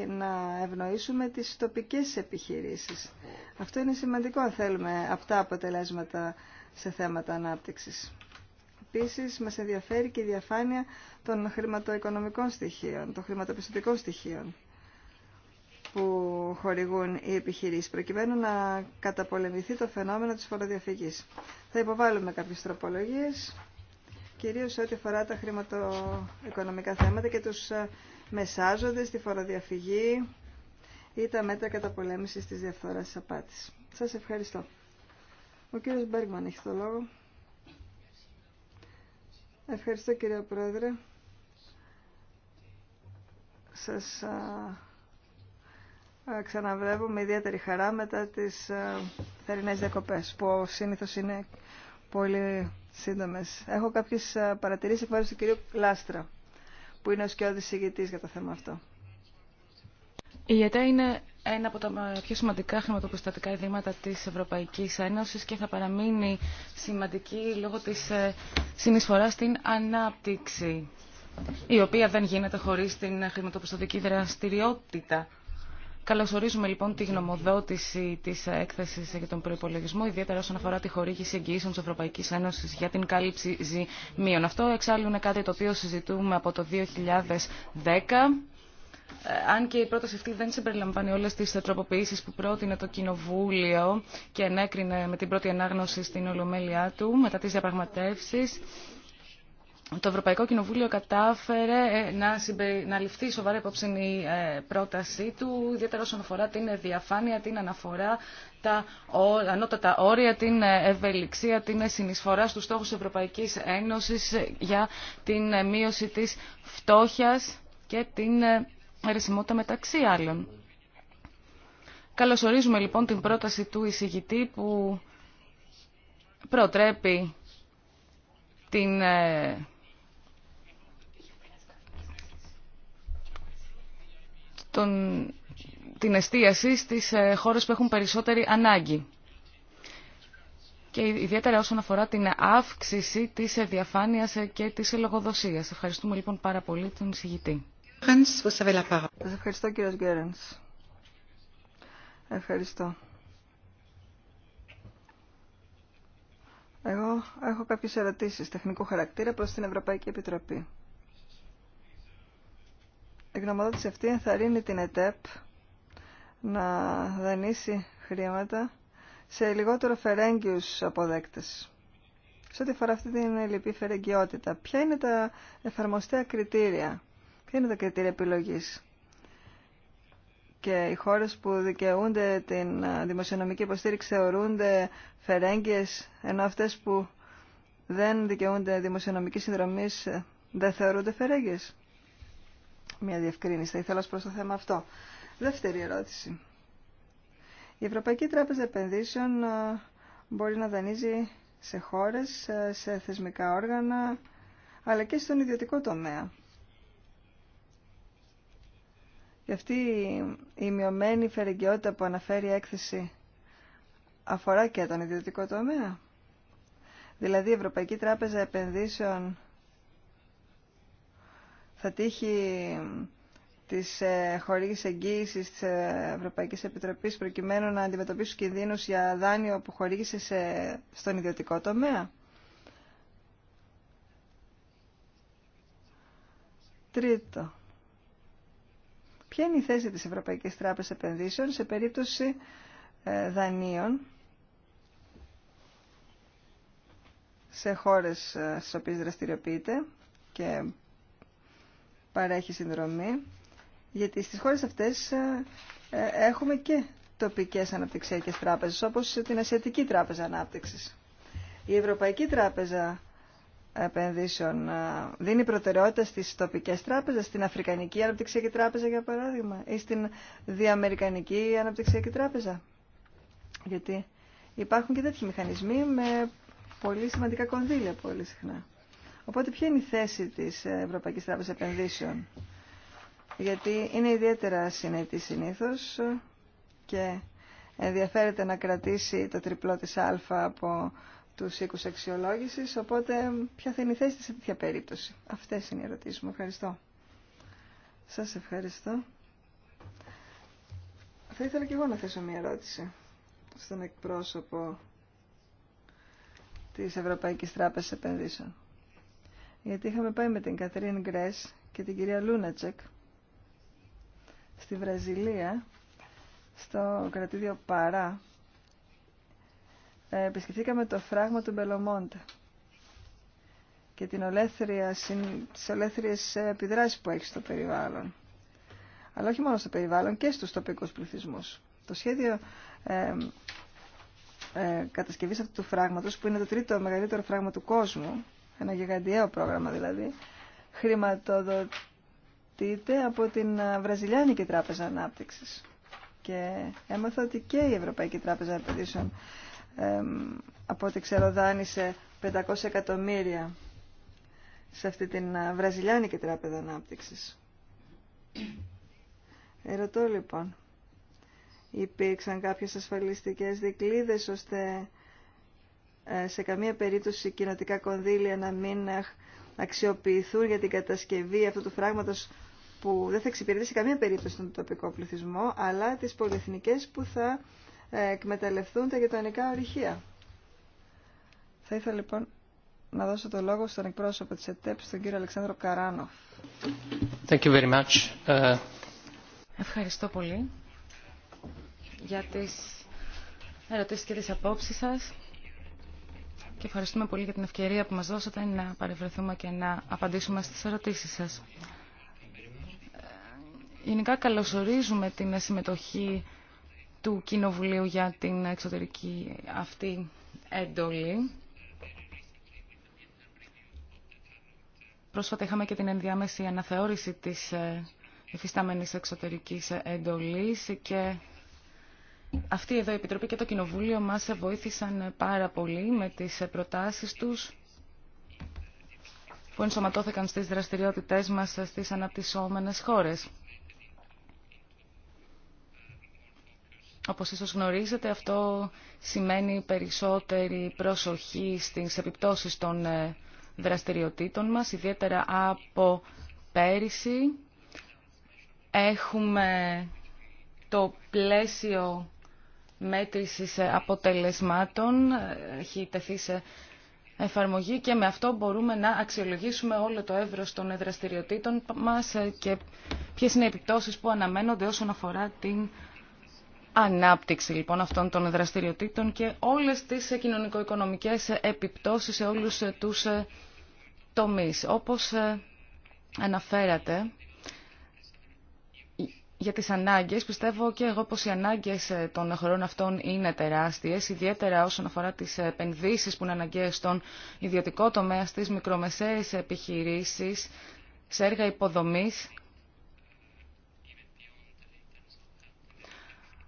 να ευνοήσουμε τις τοπικές επιχειρήσεις. Αυτό είναι σημαντικό αν θέλουμε αυτά αποτελέσματα σε θέματα ανάπτυξης. Επίσης, μας ενδιαφέρει και η διαφάνεια των χρηματοοικονομικών στοιχείων, των χρηματοπιστωτικών στοιχείων που χορηγούν οι επιχειρήσεις, προκειμένου να καταπολεμηθεί το φαινόμενο της φοροδιαφυγής. Θα υποβάλουμε κάποιες τροπολογίες, κυρίως ό,τι αφορά τα χρηματοοικονομικά θέματα και τους ε, μεσάζοντες, τη φοροδιαφυγή ή τα μέτρα καταπολέμησης της διαφθορά της απάτης. Σας ευχαριστώ. Ο κύριος Μπέργμαν έχει το λόγο. Ευχαριστώ κύριε Πρόεδρε. Σας α, ξαναβλέπω με ιδιαίτερη χαρά μετά τις α, θερινές διακοπές που συνήθως είναι πολύ σύντομες. Έχω κάποιες α, παρατηρήσεις εκ του κυρίου Λάστρα που είναι ο σκιώδης ηγητής για το θέμα αυτό. Η ΕΤΑ είναι ένα από τα πιο σημαντικά χρηματοπιστωτικά ιδρύματα της Ευρωπαϊκής Ένωσης και θα παραμείνει σημαντική λόγω της ε, συνεισφοράς στην ανάπτυξη, η οποία δεν γίνεται χωρίς την χρηματοπιστωτική δραστηριότητα. Καλωσορίζουμε λοιπόν τη γνωμοδότηση τη έκθεση για τον προπολογισμό, ιδιαίτερα όσον αφορά τη χορήγηση εγγυήσεων τη Ευρωπαϊκή Ένωση για την κάλυψη ζημίων. Αυτό εξάλλου είναι κάτι το οποίο συζητούμε από το 2010 ε, αν και η πρόταση αυτή δεν συμπεριλαμβάνει όλε τι τροποποιήσει που πρότεινε το Κοινοβούλιο και ενέκρινε με την πρώτη ανάγνωση στην ολομέλειά του μετά τι διαπραγματεύσει, το Ευρωπαϊκό Κοινοβούλιο κατάφερε ε, να, να ληφθεί σοβαρά υπόψη η ε, πρότασή του, ιδιαίτερα όσον αφορά την διαφάνεια, την αναφορά, τα ανώτατα όρια, την ευελιξία, την συνεισφορά στους στόχους της Ευρωπαϊκής Ένωσης για την μείωση της φτώχειας και την ερεσιμότητα μεταξύ άλλων. Καλωσορίζουμε λοιπόν την πρόταση του εισηγητή που προτρέπει την ε, την εστίαση στις ε, χώρες που έχουν περισσότερη ανάγκη. Και ιδιαίτερα όσον αφορά την αύξηση της ε, διαφάνειας και της λογοδοσίας. Ευχαριστούμε λοιπόν πάρα πολύ τον εισηγητή. Σας ευχαριστώ κύριε Γκέρενς. Ευχαριστώ. Εγώ έχω κάποιες ερωτήσεις τεχνικού χαρακτήρα προς την Ευρωπαϊκή Επιτροπή. Η γνωμοδότηση αυτή ενθαρρύνει την ΕΤΕΠ να δανείσει χρήματα σε λιγότερο φερέγγιους αποδέκτες. Σε ό,τι αφορά αυτή την λυπή φερεγγιότητα, ποια είναι τα εφαρμοστέα κριτήρια Ποια είναι τα κριτήρια επιλογής. Και οι χώρες που δικαιούνται την δημοσιονομική υποστήριξη θεωρούνται φερέγγιες, ενώ αυτές που δεν δικαιούνται δημοσιονομική συνδρομή ε, δεν θεωρούνται φερέγγιες. Μια διευκρίνηση θα ήθελα προς το θέμα αυτό. Δεύτερη ερώτηση. Η Ευρωπαϊκή Τράπεζα Επενδύσεων μπορεί να δανείζει σε χώρες, ε, σε θεσμικά όργανα, αλλά και στον ιδιωτικό τομέα. Και αυτή η μειωμένη φερεγκαιότητα που αναφέρει η έκθεση αφορά και τον ιδιωτικό τομέα. Δηλαδή η Ευρωπαϊκή Τράπεζα Επενδύσεων θα τύχει ε, της ε, χορήγης εγγύησης της Ευρωπαϊκής Επιτροπής προκειμένου να αντιμετωπίσουν κινδύνους για δάνειο που χορήγησε σε, στον ιδιωτικό τομέα. Τρίτο. Ποια είναι η θέση της Ευρωπαϊκής Τράπεζας Επενδύσεων σε περίπτωση ε, δανείων σε χώρες ε, στις οποίες δραστηριοποιείται και παρέχει συνδρομή, γιατί στις χώρες αυτές ε, έχουμε και τοπικές αναπτυξιακές τράπεζες, όπως την Ασιατική Τράπεζα Ανάπτυξης. Η Ευρωπαϊκή Τράπεζα επενδύσεων δίνει προτεραιότητα στις τοπικές τράπεζες, στην Αφρικανική Αναπτυξιακή Τράπεζα για παράδειγμα ή στην Διαμερικανική Αναπτυξιακή Τράπεζα. Γιατί υπάρχουν και τέτοιοι μηχανισμοί με πολύ σημαντικά κονδύλια πολύ συχνά. Οπότε ποια είναι η θέση της Ευρωπαϊκής Τράπεζας Επενδύσεων. Γιατί είναι ιδιαίτερα συνετή συνήθως και τετοιοι μηχανισμοι με πολυ σημαντικα κονδυλια πολυ συχνα οποτε ποια ειναι η θεση της ευρωπαικης τραπεζας επενδυσεων γιατι ειναι ιδιαιτερα συνετη συνηθω και ενδιαφερεται να κρατήσει το τριπλό της α από του οίκου αξιολόγηση, οπότε ποια θα είναι η θέση σε τέτοια περίπτωση. Αυτές είναι οι ερωτήσει. μου. Ευχαριστώ. Σας ευχαριστώ. Θα ήθελα και εγώ να θέσω μια ερώτηση στον εκπρόσωπο της Ευρωπαϊκής Τράπεζας Επενδύσεων. Γιατί είχαμε πάει με την Καθρίν Γκρέ και την κυρία Λούνατσεκ στη Βραζιλία, στο κρατήδιο Παρά, ε, επισκεφθήκαμε το φράγμα του Μπελομόντα και την ολέθρια, τις ολέθριες ε, επιδράσεις που έχει στο περιβάλλον. Αλλά όχι μόνο στο περιβάλλον και στους τοπικούς πληθυσμούς. Το σχέδιο ε, ε, κατασκευής αυτού του φράγματος, που είναι το τρίτο μεγαλύτερο φράγμα του κόσμου, ένα γιγαντιαίο πρόγραμμα δηλαδή, χρηματοδοτείται από την Βραζιλιάνικη Τράπεζα Ανάπτυξης. Και έμαθα ότι και η Ευρωπαϊκή Τράπεζα Επενδύσεων από ό,τι ξέρω δάνεισε 500 εκατομμύρια σε αυτή την ε, Βραζιλιάνικη Τράπεζα Ανάπτυξης. Ερωτώ λοιπόν, υπήρξαν κάποιες ασφαλιστικές δικλίδες ώστε ε, σε καμία περίπτωση κοινοτικά κονδύλια να μην ε, αξιοποιηθούν για την κατασκευή αυτού του φράγματος που δεν θα εξυπηρετήσει καμία περίπτωση τον τοπικό πληθυσμό, αλλά τις πολυεθνικές που θα ε, εκμεταλλευτούν τα γειτονικά ορυχεία. Θα ήθελα λοιπόν να δώσω το λόγο στον εκπρόσωπο της ΕΤΕΠ, στον κύριο Αλεξάνδρο Καράνοφ. Ε, Ευχαριστώ πολύ για τις ερωτήσεις και τις απόψεις σας και ευχαριστούμε πολύ για την ευκαιρία που μας δώσατε να παρευρεθούμε και να απαντήσουμε στις ερωτήσεις σας. Ε, γενικά καλωσορίζουμε την συμμετοχή του Κοινοβουλίου για την εξωτερική αυτή έντολη. Πρόσφατα είχαμε και την ενδιάμεση αναθεώρηση της εφιστάμενης εξωτερικής εντολής και αυτή εδώ η Επιτροπή και το Κοινοβούλιο μας βοήθησαν πάρα πολύ με τις προτάσεις τους που ενσωματώθηκαν στις δραστηριότητές μας στις αναπτυσσόμενες χώρες. Όπως ίσως γνωρίζετε, αυτό σημαίνει περισσότερη προσοχή στις επιπτώσεις των ε, δραστηριοτήτων μας, ιδιαίτερα από πέρυσι. Έχουμε το πλαίσιο μέτρησης αποτελεσμάτων, ε, έχει τεθεί σε εφαρμογή και με αυτό μπορούμε να αξιολογήσουμε όλο το εύρος των δραστηριοτήτων μας ε, και ποιες είναι οι επιπτώσεις που αναμένονται όσον αφορά την ανάπτυξη λοιπόν αυτών των δραστηριοτήτων και όλες τις κοινωνικο-οικονομικές επιπτώσεις σε όλους τους ε, τομείς. Όπως ε, αναφέρατε, για τις ανάγκες, πιστεύω και εγώ πως οι ανάγκες ε, των χωρών αυτών είναι τεράστιες, ιδιαίτερα όσον αφορά τις επενδύσεις που είναι αναγκαίες στον ιδιωτικό τομέα, στις μικρομεσαίες επιχειρήσεις, σε έργα υποδομής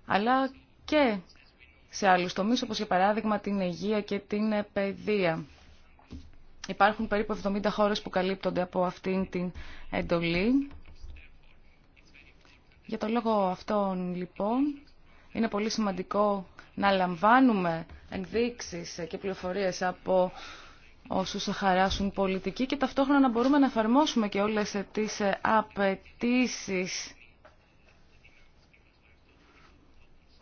αλλά και σε άλλους τομείς, όπως για παράδειγμα την υγεία και την παιδεία. Υπάρχουν περίπου 70 χώρες που καλύπτονται από αυτήν την εντολή. Για το λόγο αυτόν, λοιπόν, είναι πολύ σημαντικό να λαμβάνουμε ενδείξεις και πληροφορίες από όσους χαράσουν πολιτική και ταυτόχρονα να μπορούμε να εφαρμόσουμε και όλες τις απαιτήσει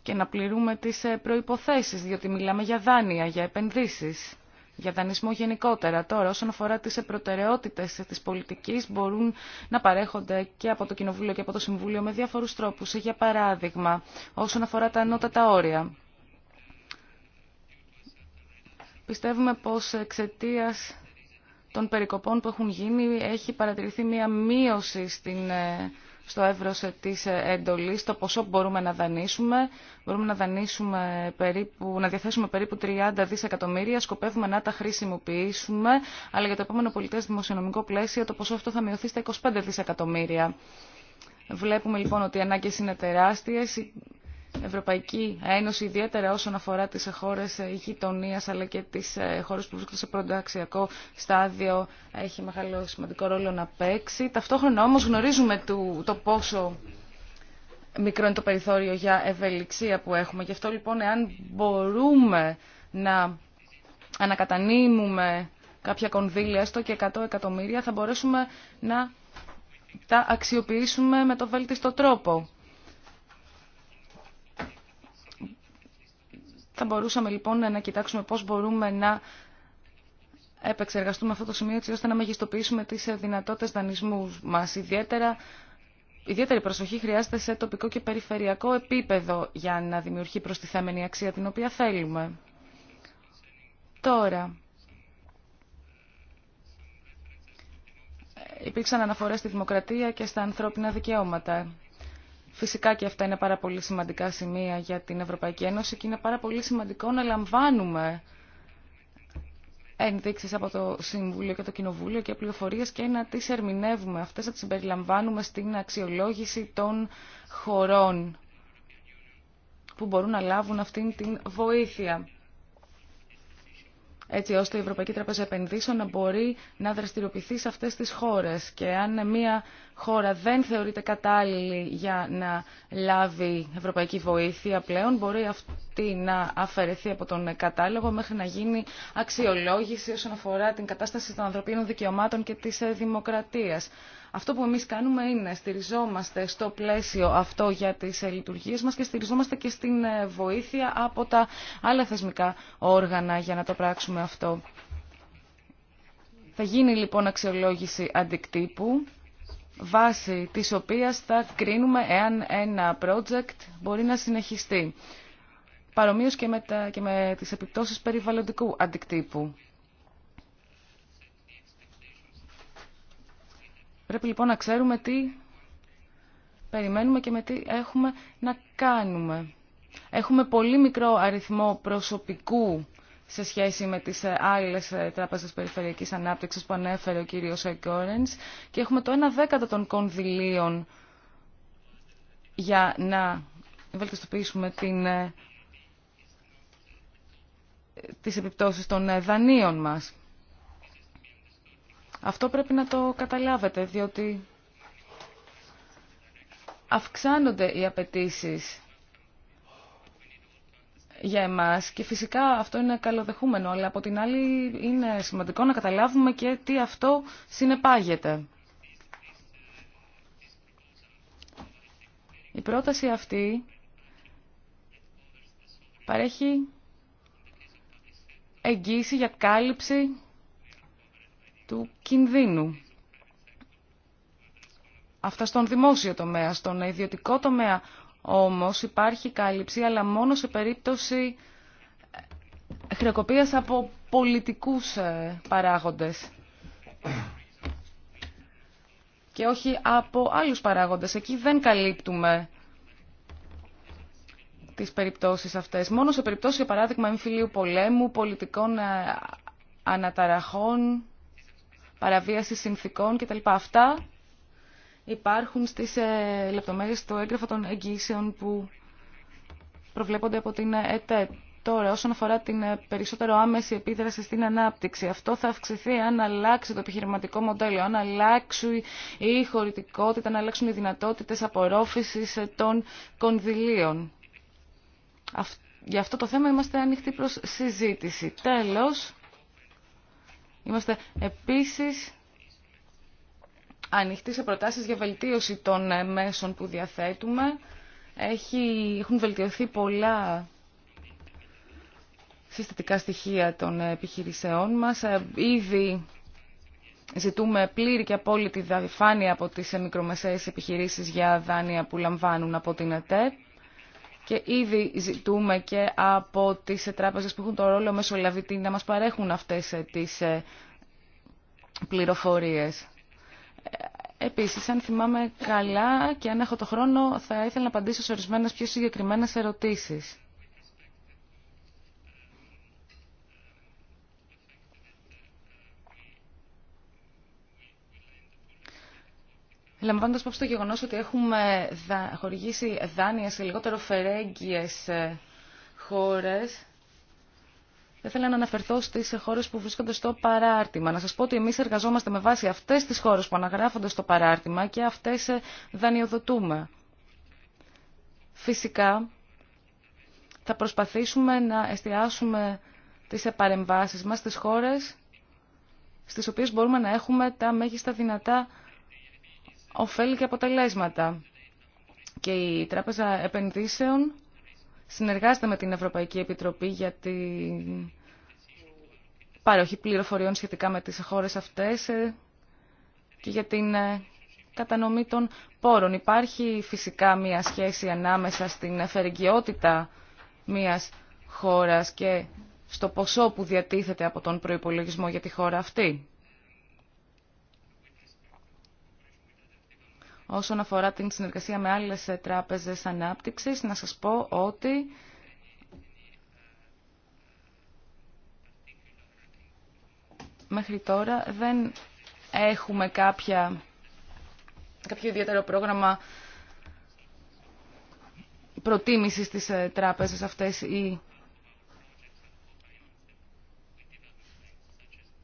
και να πληρούμε τις ε, προϋποθέσεις, διότι μιλάμε για δάνεια, για επενδύσεις, για δανεισμό γενικότερα. Τώρα, όσον αφορά τις ε, προτεραιότητες ε, της πολιτικής, μπορούν να παρέχονται και από το Κοινοβούλιο και από το Συμβούλιο με διάφορους τρόπους. Για παράδειγμα, όσον αφορά τα ανώτατα όρια. Πιστεύουμε πως εξαιτία των περικοπών που έχουν γίνει έχει παρατηρηθεί μία μείωση στην στο εύρος της εντολής, το ποσό που μπορούμε να δανείσουμε. Μπορούμε να, δανείσουμε περίπου, να διαθέσουμε περίπου 30 δισεκατομμύρια, σκοπεύουμε να τα χρησιμοποιήσουμε, αλλά για το επόμενο πολιτές δημοσιονομικό πλαίσιο το ποσό αυτό θα μειωθεί στα 25 δισεκατομμύρια. Βλέπουμε λοιπόν ότι οι ανάγκες είναι τεράστιες, Ευρωπαϊκή Ένωση, ιδιαίτερα όσον αφορά τι χώρε γειτονία αλλά και τι ε, χώρε που βρίσκονται σε πρωταξιακό στάδιο, έχει μεγάλο σημαντικό ρόλο να παίξει. Ταυτόχρονα όμω γνωρίζουμε το πόσο μικρό είναι το περιθώριο για ευελιξία που έχουμε. Γι' αυτό λοιπόν εάν μπορούμε να ανακατανείμουμε κάποια κονδύλια, έστω και 100 εκατομμύρια, θα μπορέσουμε να τα αξιοποιήσουμε με το βέλτιστο τρόπο. Θα μπορούσαμε λοιπόν να κοιτάξουμε πώς μπορούμε να επεξεργαστούμε αυτό το σημείο έτσι ώστε να μεγιστοποιήσουμε τις δυνατότητες δανεισμού μας. Ιδιαίτερα, ιδιαίτερη προσοχή χρειάζεται σε τοπικό και περιφερειακό επίπεδο για να δημιουργεί προστιθέμενη αξία την οποία θέλουμε. Τώρα, υπήρξαν αναφορές στη δημοκρατία και στα ανθρώπινα δικαιώματα. Φυσικά και αυτά είναι πάρα πολύ σημαντικά σημεία για την Ευρωπαϊκή Ένωση και είναι πάρα πολύ σημαντικό να λαμβάνουμε ενδείξεις από το Συμβούλιο και το Κοινοβούλιο και πληροφορίες και να τις ερμηνεύουμε. Αυτές να τις συμπεριλαμβάνουμε στην αξιολόγηση των χωρών που μπορούν να λάβουν αυτήν την βοήθεια έτσι ώστε η Ευρωπαϊκή Τράπεζα Επενδύσεων να μπορεί να δραστηριοποιηθεί σε αυτές τις χώρες. Και αν μια χώρα δεν θεωρείται κατάλληλη για να λάβει ευρωπαϊκή βοήθεια πλέον, μπορεί αυτή να αφαιρεθεί από τον κατάλογο μέχρι να γίνει αξιολόγηση όσον αφορά την κατάσταση των ανθρωπίνων δικαιωμάτων και της δημοκρατίας. Αυτό που εμείς κάνουμε είναι στηριζόμαστε στο πλαίσιο αυτό για τις ε, λειτουργίες μας και στηριζόμαστε και στην ε, βοήθεια από τα άλλα θεσμικά όργανα για να το πράξουμε αυτό. Θα γίνει λοιπόν αξιολόγηση αντικτύπου βάση της οποίας θα κρίνουμε εάν ένα project μπορεί να συνεχιστεί. Παρομοίως και με, τα, και με τις επιπτώσεις περιβαλλοντικού αντικτύπου. Πρέπει λοιπόν να ξέρουμε τι περιμένουμε και με τι έχουμε να κάνουμε. Έχουμε πολύ μικρό αριθμό προσωπικού σε σχέση με τις ε, άλλες ε, τράπεζες περιφερειακής ανάπτυξης που ανέφερε ο κύριος Εκόρενς και έχουμε το 1 δέκατο των κονδυλίων για να βελτιστοποιήσουμε την, ε, τις επιπτώσεις των δανείων μας. Αυτό πρέπει να το καταλάβετε, διότι αυξάνονται οι απαιτήσει για εμάς και φυσικά αυτό είναι καλοδεχούμενο, αλλά από την άλλη είναι σημαντικό να καταλάβουμε και τι αυτό συνεπάγεται. Η πρόταση αυτή παρέχει εγγύηση για κάλυψη του κινδύνου. Αυτά στον δημόσιο τομέα. Στον ιδιωτικό τομέα όμως υπάρχει κάλυψη, αλλά μόνο σε περίπτωση χρεοκοπίας από πολιτικούς ε, παράγοντες και όχι από άλλους παράγοντες. Εκεί δεν καλύπτουμε τις περιπτώσεις αυτές. Μόνο σε περίπτωση, για παράδειγμα, εμφυλίου πολέμου, πολιτικών ε, αναταραχών παραβίαση συνθήκων κτλ. Αυτά υπάρχουν στις ε, λεπτομέρειες στο έγγραφο των εγγύσεων που προβλέπονται από την ΕΤΕ. Τώρα, όσον αφορά την ε, περισσότερο άμεση επίδραση στην ανάπτυξη, αυτό θα αυξηθεί αν αλλάξει το επιχειρηματικό μοντέλο, αν αλλάξει η χωρητικότητα, αν αλλάξουν οι δυνατότητες απορρόφησης ε, των κονδυλίων. Γι' αυτό το θέμα είμαστε ανοιχτοί προς συζήτηση. Τέλος, Είμαστε επίσης ανοιχτοί σε προτάσεις για βελτίωση των ε, μέσων που διαθέτουμε. Έχει, έχουν βελτιωθεί πολλά συστατικά στοιχεία των ε, επιχειρησεών μας. Ε, ήδη ζητούμε πλήρη και απόλυτη διαφάνεια από τις μικρομεσαίες επιχειρήσεις για δάνεια που λαμβάνουν από την ΕΤΕΠ. Και ήδη ζητούμε και από τις τράπεζες που έχουν το ρόλο μεσολαβητή να μας παρέχουν αυτές ε, τις ε, πληροφορίες. Ε, επίσης, αν θυμάμαι καλά και αν έχω το χρόνο, θα ήθελα να απαντήσω σε ορισμένες πιο συγκεκριμένες ερωτήσεις. Λαμβάνοντα υπόψη το γεγονό ότι έχουμε χορηγήσει δάνεια σε λιγότερο φερέγγιες ε, χώρες, θα ήθελα να αναφερθώ στις χώρε που βρίσκονται στο παράρτημα. Να σας πω ότι εμείς εργαζόμαστε με βάση αυτές τις χώρε που αναγράφονται στο παράρτημα και αυτές ε, δανειοδοτούμε. Φυσικά, θα προσπαθήσουμε να εστιάσουμε τις επαρεμβάσεις μας στις χώρες στις οποίες μπορούμε να έχουμε τα μέγιστα δυνατά ωφέλη και αποτελέσματα. Και η Τράπεζα Επενδύσεων συνεργάζεται με την Ευρωπαϊκή Επιτροπή για την παροχή πληροφοριών σχετικά με τις χώρες αυτές ε, και για την ε, κατανομή των πόρων. Υπάρχει φυσικά μια σχέση ανάμεσα στην εφεργειότητα μιας χώρας και στο ποσό που διατίθεται από τον προϋπολογισμό για τη χώρα αυτή. Όσον αφορά την συνεργασία με άλλες ε, τράπεζες ανάπτυξης, να σας πω ότι μέχρι τώρα δεν έχουμε κάποια, κάποιο ιδιαίτερο πρόγραμμα προτίμησης της ε, τράπεζας αυτές ή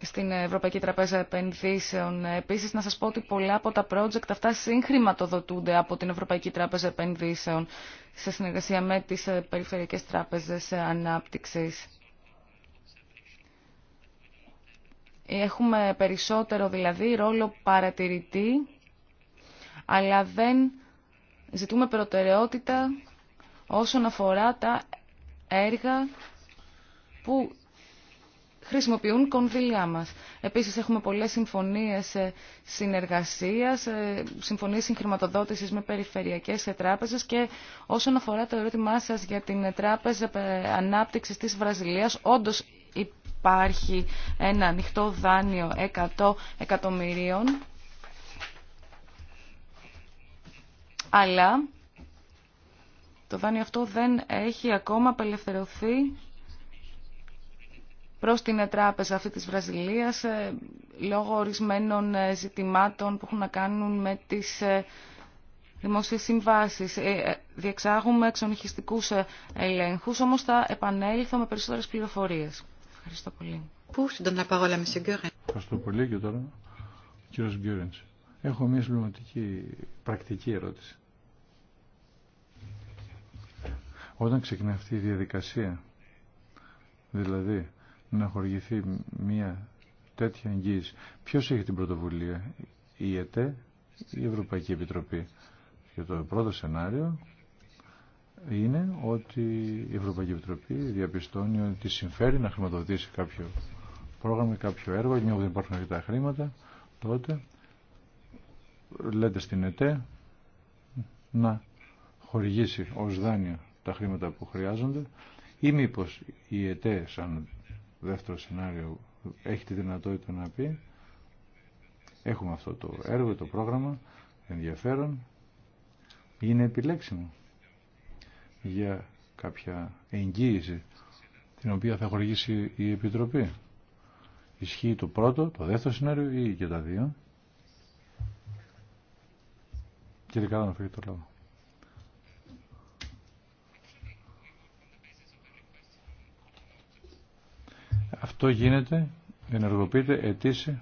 στην Ευρωπαϊκή Τραπέζα Επενδύσεων. Επίση, να σα πω ότι πολλά από τα project αυτά συγχρηματοδοτούνται από την Ευρωπαϊκή Τράπεζα Επενδύσεων σε συνεργασία με τι ε, περιφερειακέ τράπεζε ανάπτυξη. Έχουμε περισσότερο δηλαδή ρόλο παρατηρητή, αλλά δεν ζητούμε προτεραιότητα όσον αφορά τα έργα που χρησιμοποιούν κονδύλια μας. Επίσης έχουμε πολλές συμφωνίες ε, συνεργασίας, ε, συμφωνίες συγχρηματοδότησης με περιφερειακές ε, τράπεζες και όσον αφορά το ερώτημά σας για την Τράπεζα Ανάπτυξης της Βραζιλίας, όντως υπάρχει ένα ανοιχτό δάνειο 100 εκατομμυρίων, αλλά το δάνειο αυτό δεν έχει ακόμα απελευθερωθεί προς την τράπεζα αυτή της Βραζιλίας ε, λόγω ορισμένων ε, ζητημάτων που έχουν να κάνουν με τις ε, δημόσιες συμβάσεις. Διεξάγουμε εξονυχιστικούς ελέγχους, όμως θα επανέλθω με περισσότερες πληροφορίες. Ευχαριστώ πολύ. Ευχαριστώ πολύ και τώρα κύριος Γκέρενς. Έχω μια συμπληρωματική πρακτική ερώτηση. Όταν ξεκινά αυτή η διαδικασία, δηλαδή να χορηγηθεί μια τέτοια εγγύηση. Ποιος έχει την πρωτοβουλία, η ΕΤΕ, η Ευρωπαϊκή Επιτροπή. Και το πρώτο σενάριο είναι ότι η Ευρωπαϊκή Επιτροπή διαπιστώνει ότι συμφέρει να χρηματοδοτήσει κάποιο πρόγραμμα, κάποιο έργο, μια που δεν υπάρχουν αρκετά χρήματα, τότε λέτε στην ΕΤΕ να χορηγήσει ως δάνεια τα χρήματα που χρειάζονται ή μήπως η ΕΤΕ σαν δεύτερο σενάριο έχει τη δυνατότητα να πει έχουμε αυτό το έργο, το πρόγραμμα ενδιαφέρον είναι επιλέξιμο για κάποια εγγύηση την οποία θα χορηγήσει η Επιτροπή. Ισχύει το πρώτο, το δεύτερο σενάριο ή και τα δύο. Κύριε δικά να το λόγο. Αυτό γίνεται, ενεργοποιείται αιτήσει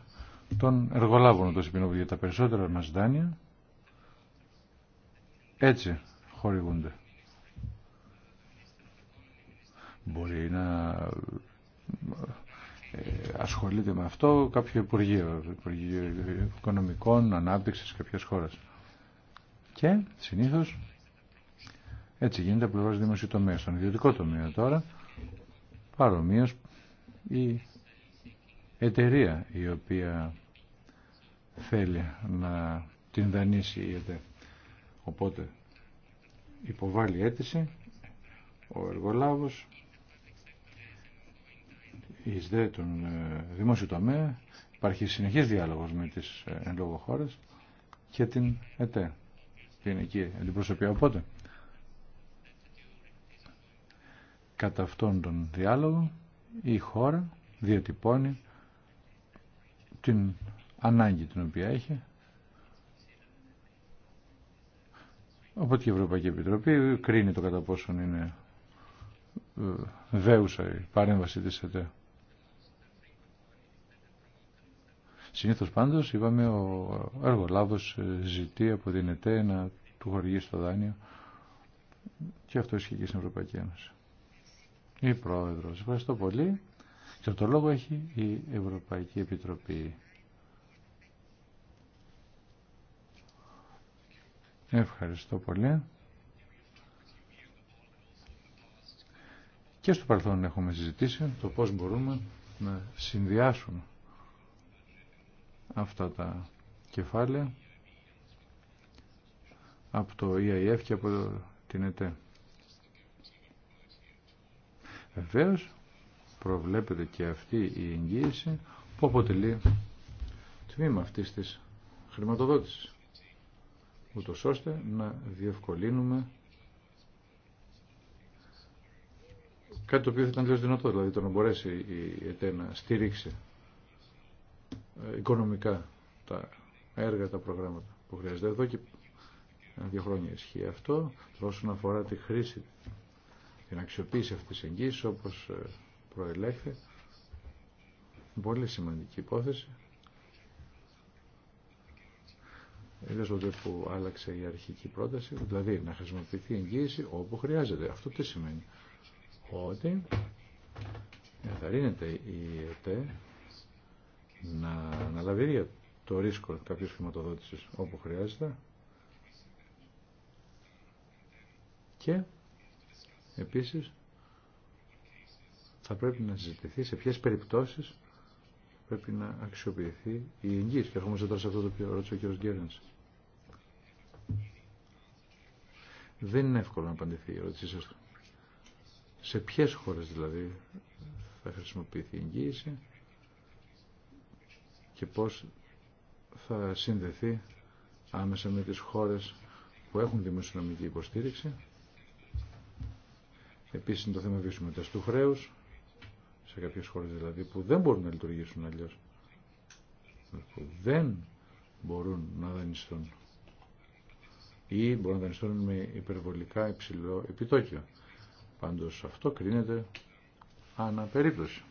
των εργολάβων των Σιπινόπουλων για τα περισσότερα μας δάνεια. Έτσι χορηγούνται. Μπορεί να ε, ασχολείται με αυτό κάποιο Υπουργείο, Υπουργείο Οικονομικών Ανάπτυξης κάποιας χώρας. Και συνήθως έτσι γίνεται πλευράς το Στον ιδιωτικό τομέα τώρα παρομοίως η εταιρεία η οποία θέλει να την δανείσει η ΕΤΕ. Οπότε υποβάλλει αίτηση ο εργολάβος εις δε τον ε, δημόσιο τομέα υπάρχει συνεχής διάλογος με τις ε, εν λόγω χώρες και την ΕΤΕ την εκεί αντιπροσωπεία οπότε κατά αυτόν τον διάλογο η χώρα διατυπώνει την ανάγκη την οποία έχει. Οπότε και η Ευρωπαϊκή Επιτροπή κρίνει το κατά πόσον είναι ε, δέουσα η παρέμβαση της ΕΤΕ. Συνήθως πάντως είπαμε ο εργολάβος ε, ζητεί από την ΕΤΕ να του χορηγήσει το δάνειο και αυτό ισχύει και στην Ευρωπαϊκή Ένωση. Η Πρόεδρος. Ευχαριστώ πολύ. Και το λόγο έχει η Ευρωπαϊκή Επιτροπή. Ευχαριστώ πολύ. Και στο παρελθόν έχουμε συζητήσει το πώς μπορούμε να συνδυάσουμε αυτά τα κεφάλαια από το EIF και από την ΕΤΕ. Βεβαίω προβλέπεται και αυτή η εγγύηση που αποτελεί τμήμα αυτής της χρηματοδότησης ούτω ώστε να διευκολύνουμε κάτι το οποίο θα ήταν τελείω δυνατό, δηλαδή το να μπορέσει η ΕΤΕ να στηρίξει ε, οικονομικά τα έργα, τα προγράμματα που χρειάζεται. Εδώ και δύο χρόνια ισχύει αυτό, όσον αφορά τη χρήση την αξιοποίηση αυτής της εγγύησης όπως ε, προελέχθη. Πολύ σημαντική υπόθεση. Είδε ότι που άλλαξε η αρχική πρόταση, δηλαδή να χρησιμοποιηθεί η εγγύηση όπου χρειάζεται. Αυτό τι σημαίνει. Ότι ενθαρρύνεται η ΕΤΕ να αναλαβεί το ρίσκο κάποιες χρηματοδότησης όπου χρειάζεται και Επίσης, θα πρέπει να συζητηθεί σε ποιες περιπτώσεις πρέπει να αξιοποιηθεί η εγγύηση. Και ερχόμαστε τώρα σε αυτό το οποίο ρώτησε ο κ. Γκέρνς. Δεν είναι εύκολο να απαντηθεί η ερώτησή σας. Σε ποιες χώρες δηλαδή θα χρησιμοποιηθεί η εγγύηση και πώς θα συνδεθεί άμεσα με τις χώρες που έχουν δημοσιονομική υποστήριξη Επίση είναι το θέμα βιωσιμότητας του χρέους, σε κάποιες χώρες δηλαδή που δεν μπορούν να λειτουργήσουν αλλιώ. που δεν μπορούν να δανειστούν ή μπορούν να δανειστούν με υπερβολικά υψηλό επιτόκιο. Πάντω αυτό κρίνεται αναπερίπτωση. περίπτωση.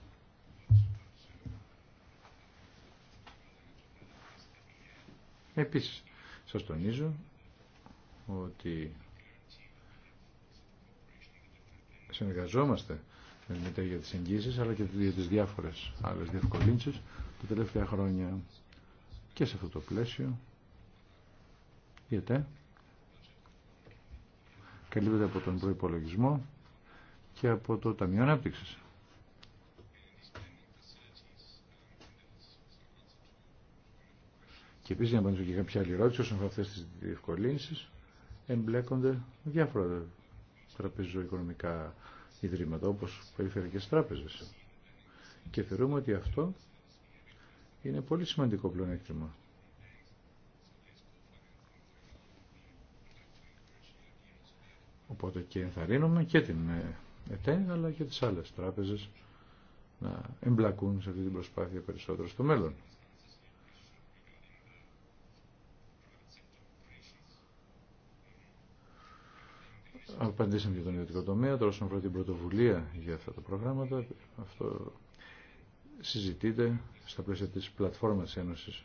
Επίσης, σας τονίζω ότι συνεργαζόμαστε με την εταιρεία για τις εγγύσεις αλλά και για τις διάφορες άλλες διευκολύνσεις τα τελευταία χρόνια και σε αυτό το πλαίσιο γιατί καλύπτεται από τον προϋπολογισμό και από το Ταμείο Ανάπτυξης. Και επίσης, για να απαντήσω και κάποια άλλη ερώτηση, όσον αφορά αυτές τις διευκολύνσεις, εμπλέκονται διάφορα τραπεζοοικονομικά ιδρύματα όπως περιφερειακές τράπεζες. Και θεωρούμε ότι αυτό είναι πολύ σημαντικό πλεονέκτημα. Οπότε και ενθαρρύνουμε και την ε, ΕΤΕΝ αλλά και τις άλλες τράπεζες να εμπλακούν σε αυτή την προσπάθεια περισσότερο στο μέλλον. απαντήσαμε για τον ιδιωτικό τομέα, τώρα όσον αφορά την πρωτοβουλία για αυτά τα προγράμματα, αυτό συζητείται στα πλαίσια της πλατφόρμας Ένωσης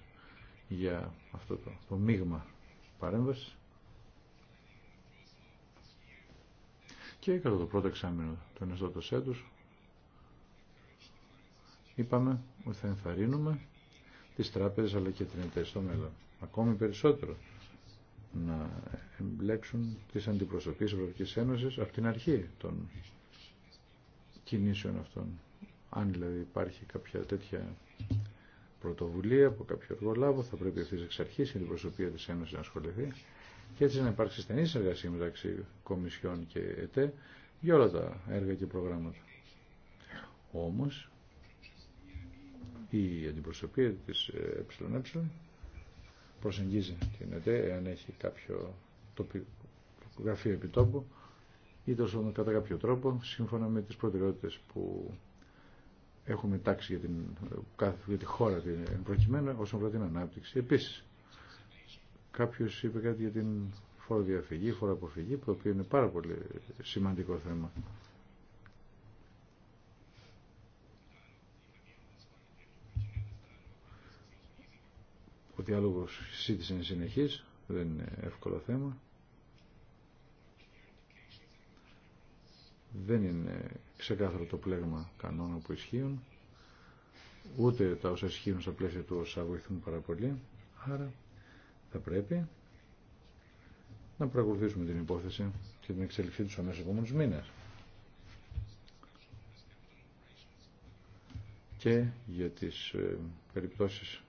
για αυτό το, το μείγμα παρέμβασης. Και κατά το πρώτο εξάμεινο του ενεστώτος έτους είπαμε ότι θα ενθαρρύνουμε τις τράπεζες αλλά και την εταιρεία στο μέλλον. Ακόμη περισσότερο να εμπλέξουν τις αντιπροσωπείς της Ευρωπαϊκής Ένωσης από την αρχή των κινήσεων αυτών. Αν δηλαδή υπάρχει κάποια τέτοια πρωτοβουλία από κάποιο εργολάβο, θα πρέπει αυτή εξ αρχή η αντιπροσωπεία της Ένωσης να ασχοληθεί και έτσι να υπάρξει στενή συνεργασία μεταξύ Κομισιών και ΕΤΕ για όλα τα έργα και προγράμματα. Όμως, η αντιπροσωπεία της ΕΕ προσεγγίζει την ΕΤΕ, εάν έχει κάποιο τοπικό γραφείο επιτόπου ή τόσο κατά κάποιο τρόπο, σύμφωνα με τις προτεραιότητες που έχουμε τάξει για, την, για τη χώρα την προκειμένα όσον αφορά την ανάπτυξη. Επίσης, κάποιος είπε κάτι για την φοροδιαφυγή, φοροαποφυγή, το οποίο είναι πάρα πολύ σημαντικό θέμα. διάλογος σύντησε είναι συνεχής, δεν είναι εύκολο θέμα. Δεν είναι ξεκάθαρο το πλέγμα κανόνων που ισχύουν, ούτε τα όσα ισχύουν στα πλαίσια του όσα βοηθούν πάρα πολύ, άρα θα πρέπει να παρακολουθήσουμε την υπόθεση και την εξελιξή του αμέσως επόμενους μήνες. Και για τις ε, περιπτώσεις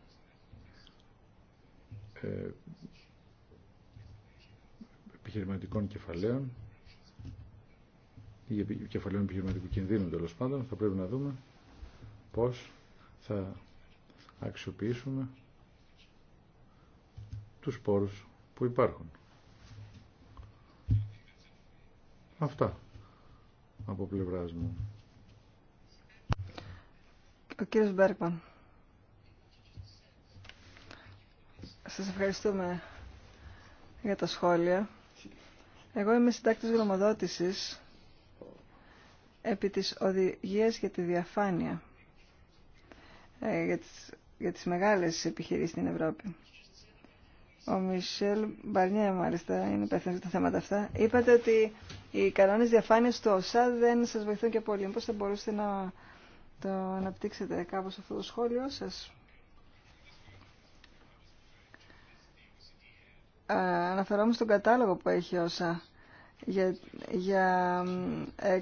ε, επιχειρηματικών κεφαλαίων ή κεφαλαίων επιχειρηματικού κινδύνου τέλο πάντων, θα πρέπει να δούμε πώς θα αξιοποιήσουμε τους πόρους που υπάρχουν. Αυτά από πλευράς μου. Ο κύριος Σας ευχαριστούμε για τα σχόλια. Εγώ είμαι συντάκτης γνωμοδότησης επί της οδηγίας για τη διαφάνεια ε, για τις, για τις μεγάλες επιχειρήσεις στην Ευρώπη. Ο Μισελ Μπαρνιέ, μάλιστα, είναι υπεύθυνος για τα θέματα αυτά. Είπατε ότι οι κανόνες διαφάνειας του ΩΣΑ δεν σας βοηθούν και πολύ. Πώς θα μπορούσατε να το αναπτύξετε κάπως αυτό το σχόλιο σας. Αναφερόμαι στον κατάλογο που έχει όσα για, για ε,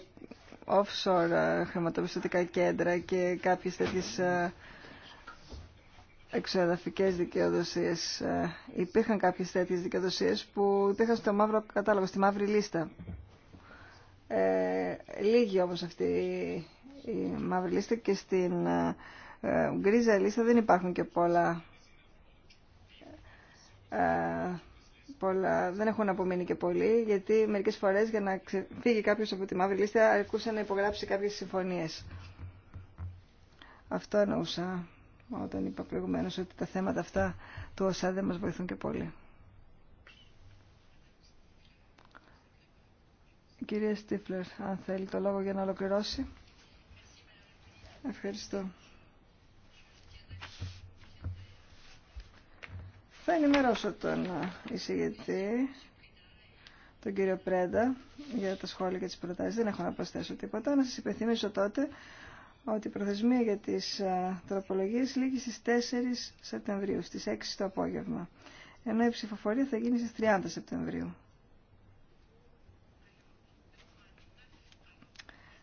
offshore ε, χρηματοπιστωτικά κέντρα και κάποιες τέτοιες ε, εξωεδαφικές δικαιοδοσίες. Υπήρχαν κάποιες τέτοιες δικαιοδοσίες που υπήρχαν στο μαύρο κατάλογο, στη μαύρη λίστα. Ε, λίγη όμως αυτή η μαύρη λίστα και στην γκρίζα λίστα δεν υπάρχουν και πολλά πολλά, δεν έχουν απομείνει και πολλοί, γιατί μερικές φορές για να φύγει κάποιος από τη μαύρη λίστα αρκούσε να υπογράψει κάποιες συμφωνίες. Αυτό εννοούσα όταν είπα προηγουμένω ότι τα θέματα αυτά του ΩΣΑ δεν μας βοηθούν και πολύ. Η κυρία Στίφλερ, αν θέλει το λόγο για να ολοκληρώσει. Ευχαριστώ. Θα ενημερώσω τον ε, εισηγητή, τον κύριο Πρέντα, για τα σχόλια και τις προτάσεις. Δεν έχω να προσθέσω τίποτα. Να σας υπενθυμίσω τότε ότι η προθεσμία για τις ε, τροπολογίες λήγει στις 4 Σεπτεμβρίου, στις 6 το απόγευμα, ενώ η ψηφοφορία θα γίνει στις 30 Σεπτεμβρίου.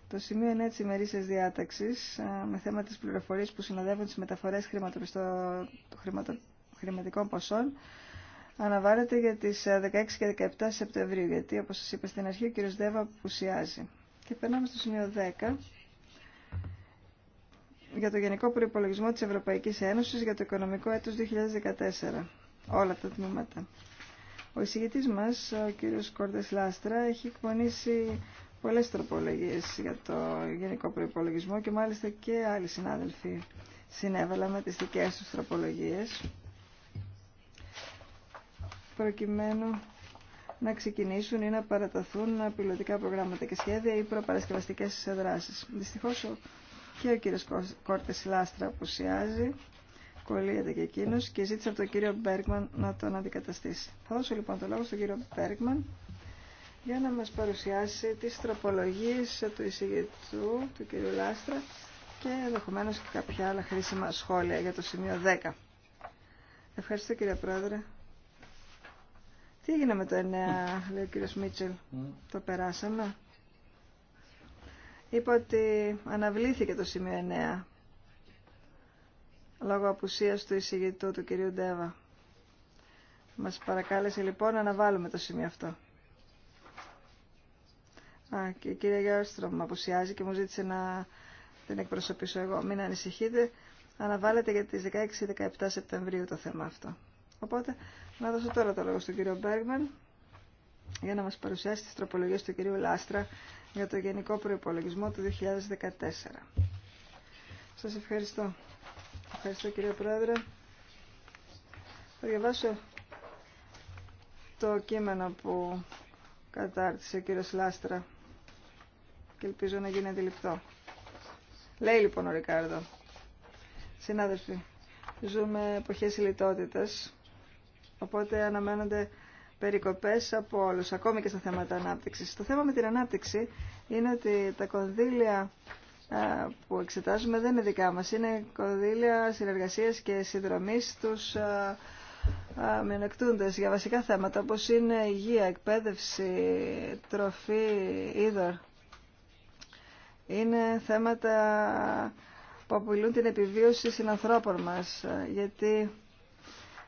Το σημείο είναι έτσι ημερήσια διάταξη ε, με θέμα της πληροφορία που συνοδεύουν τι μεταφορέ χρηματοπιστωτικών χρηματικών ποσών αναβάλλεται για τις 16 ε, και 17 Σεπτεμβρίου, γιατί όπως σας είπα στην αρχή ο κύριος Δέβα απουσιάζει. Και περνάμε στο σημείο 10 για το Γενικό Προϋπολογισμό της Ευρωπαϊκής Ένωσης για το οικονομικό έτος 2014. Όλα τα τμήματα. Ο εισηγητής μας, ο κύριος Κόρτες Λάστρα, έχει εκπονήσει πολλέ τροπολογίε για το Γενικό προπολογισμό και μάλιστα και άλλοι συνάδελφοι συνέβαλα με τι δικέ του τροπολογίε προκειμένου να ξεκινήσουν ή να παραταθούν πιλωτικά προγράμματα και σχέδια ή προπαρασκευαστικέ δράσει. Δυστυχώ, και ο κύριο Κόρτε Λάστρα απουσιάζει, κολλείεται και εκείνο και ζήτησε από τον κύριο Μπέργκμαν να τον αντικαταστήσει. Θα δώσω λοιπόν το λόγο στον κύριο Μπέργκμαν για να μα παρουσιάσει τι τροπολογίε του εισηγητού, του κύριου Λάστρα και ενδεχομένω και κάποια άλλα χρήσιμα σχόλια για το σημείο 10. Ευχαριστώ κύριε Πρόεδρε. Τι έγινε με το 9, λέει ο κύριος Μίτσελ. Το περάσαμε. Είπα ότι αναβλήθηκε το σημείο 9 λόγω απουσίας του εισηγητού του κυρίου Ντέβα. Μας παρακάλεσε λοιπόν να αναβάλουμε το σημείο αυτό. Α, και η κυρία Γιώστρομ με απουσιάζει και μου ζήτησε να την εκπροσωπήσω εγώ. Μην ανησυχείτε, αναβάλλεται για τις 16-17 Σεπτεμβρίου το θέμα αυτό. Οπότε να δώσω τώρα το λόγο στον κύριο Μπέργμαν για να μας παρουσιάσει τις τροπολογίες του κυρίου Λάστρα για το Γενικό Προϋπολογισμό του 2014. Σας ευχαριστώ. Ευχαριστώ κύριε Πρόεδρε. Θα διαβάσω το κείμενο που κατάρτισε ο κύριος Λάστρα και ελπίζω να γίνει αντιληπτό. Λέει λοιπόν ο Ρικάρδο. Συνάδελφοι, ζούμε εποχές λιτότητας Οπότε αναμένονται περικοπές από όλους, ακόμη και στα θέματα ανάπτυξης. Το θέμα με την ανάπτυξη είναι ότι τα κονδύλια που εξετάζουμε δεν είναι δικά μας. Είναι κονδύλια συνεργασίας και συνδρομής τους μειονεκτούντε για βασικά θέματα όπως είναι υγεία, εκπαίδευση, τροφή, είδωρ. Είναι θέματα που απειλούν την επιβίωση συνανθρώπων μας, γιατί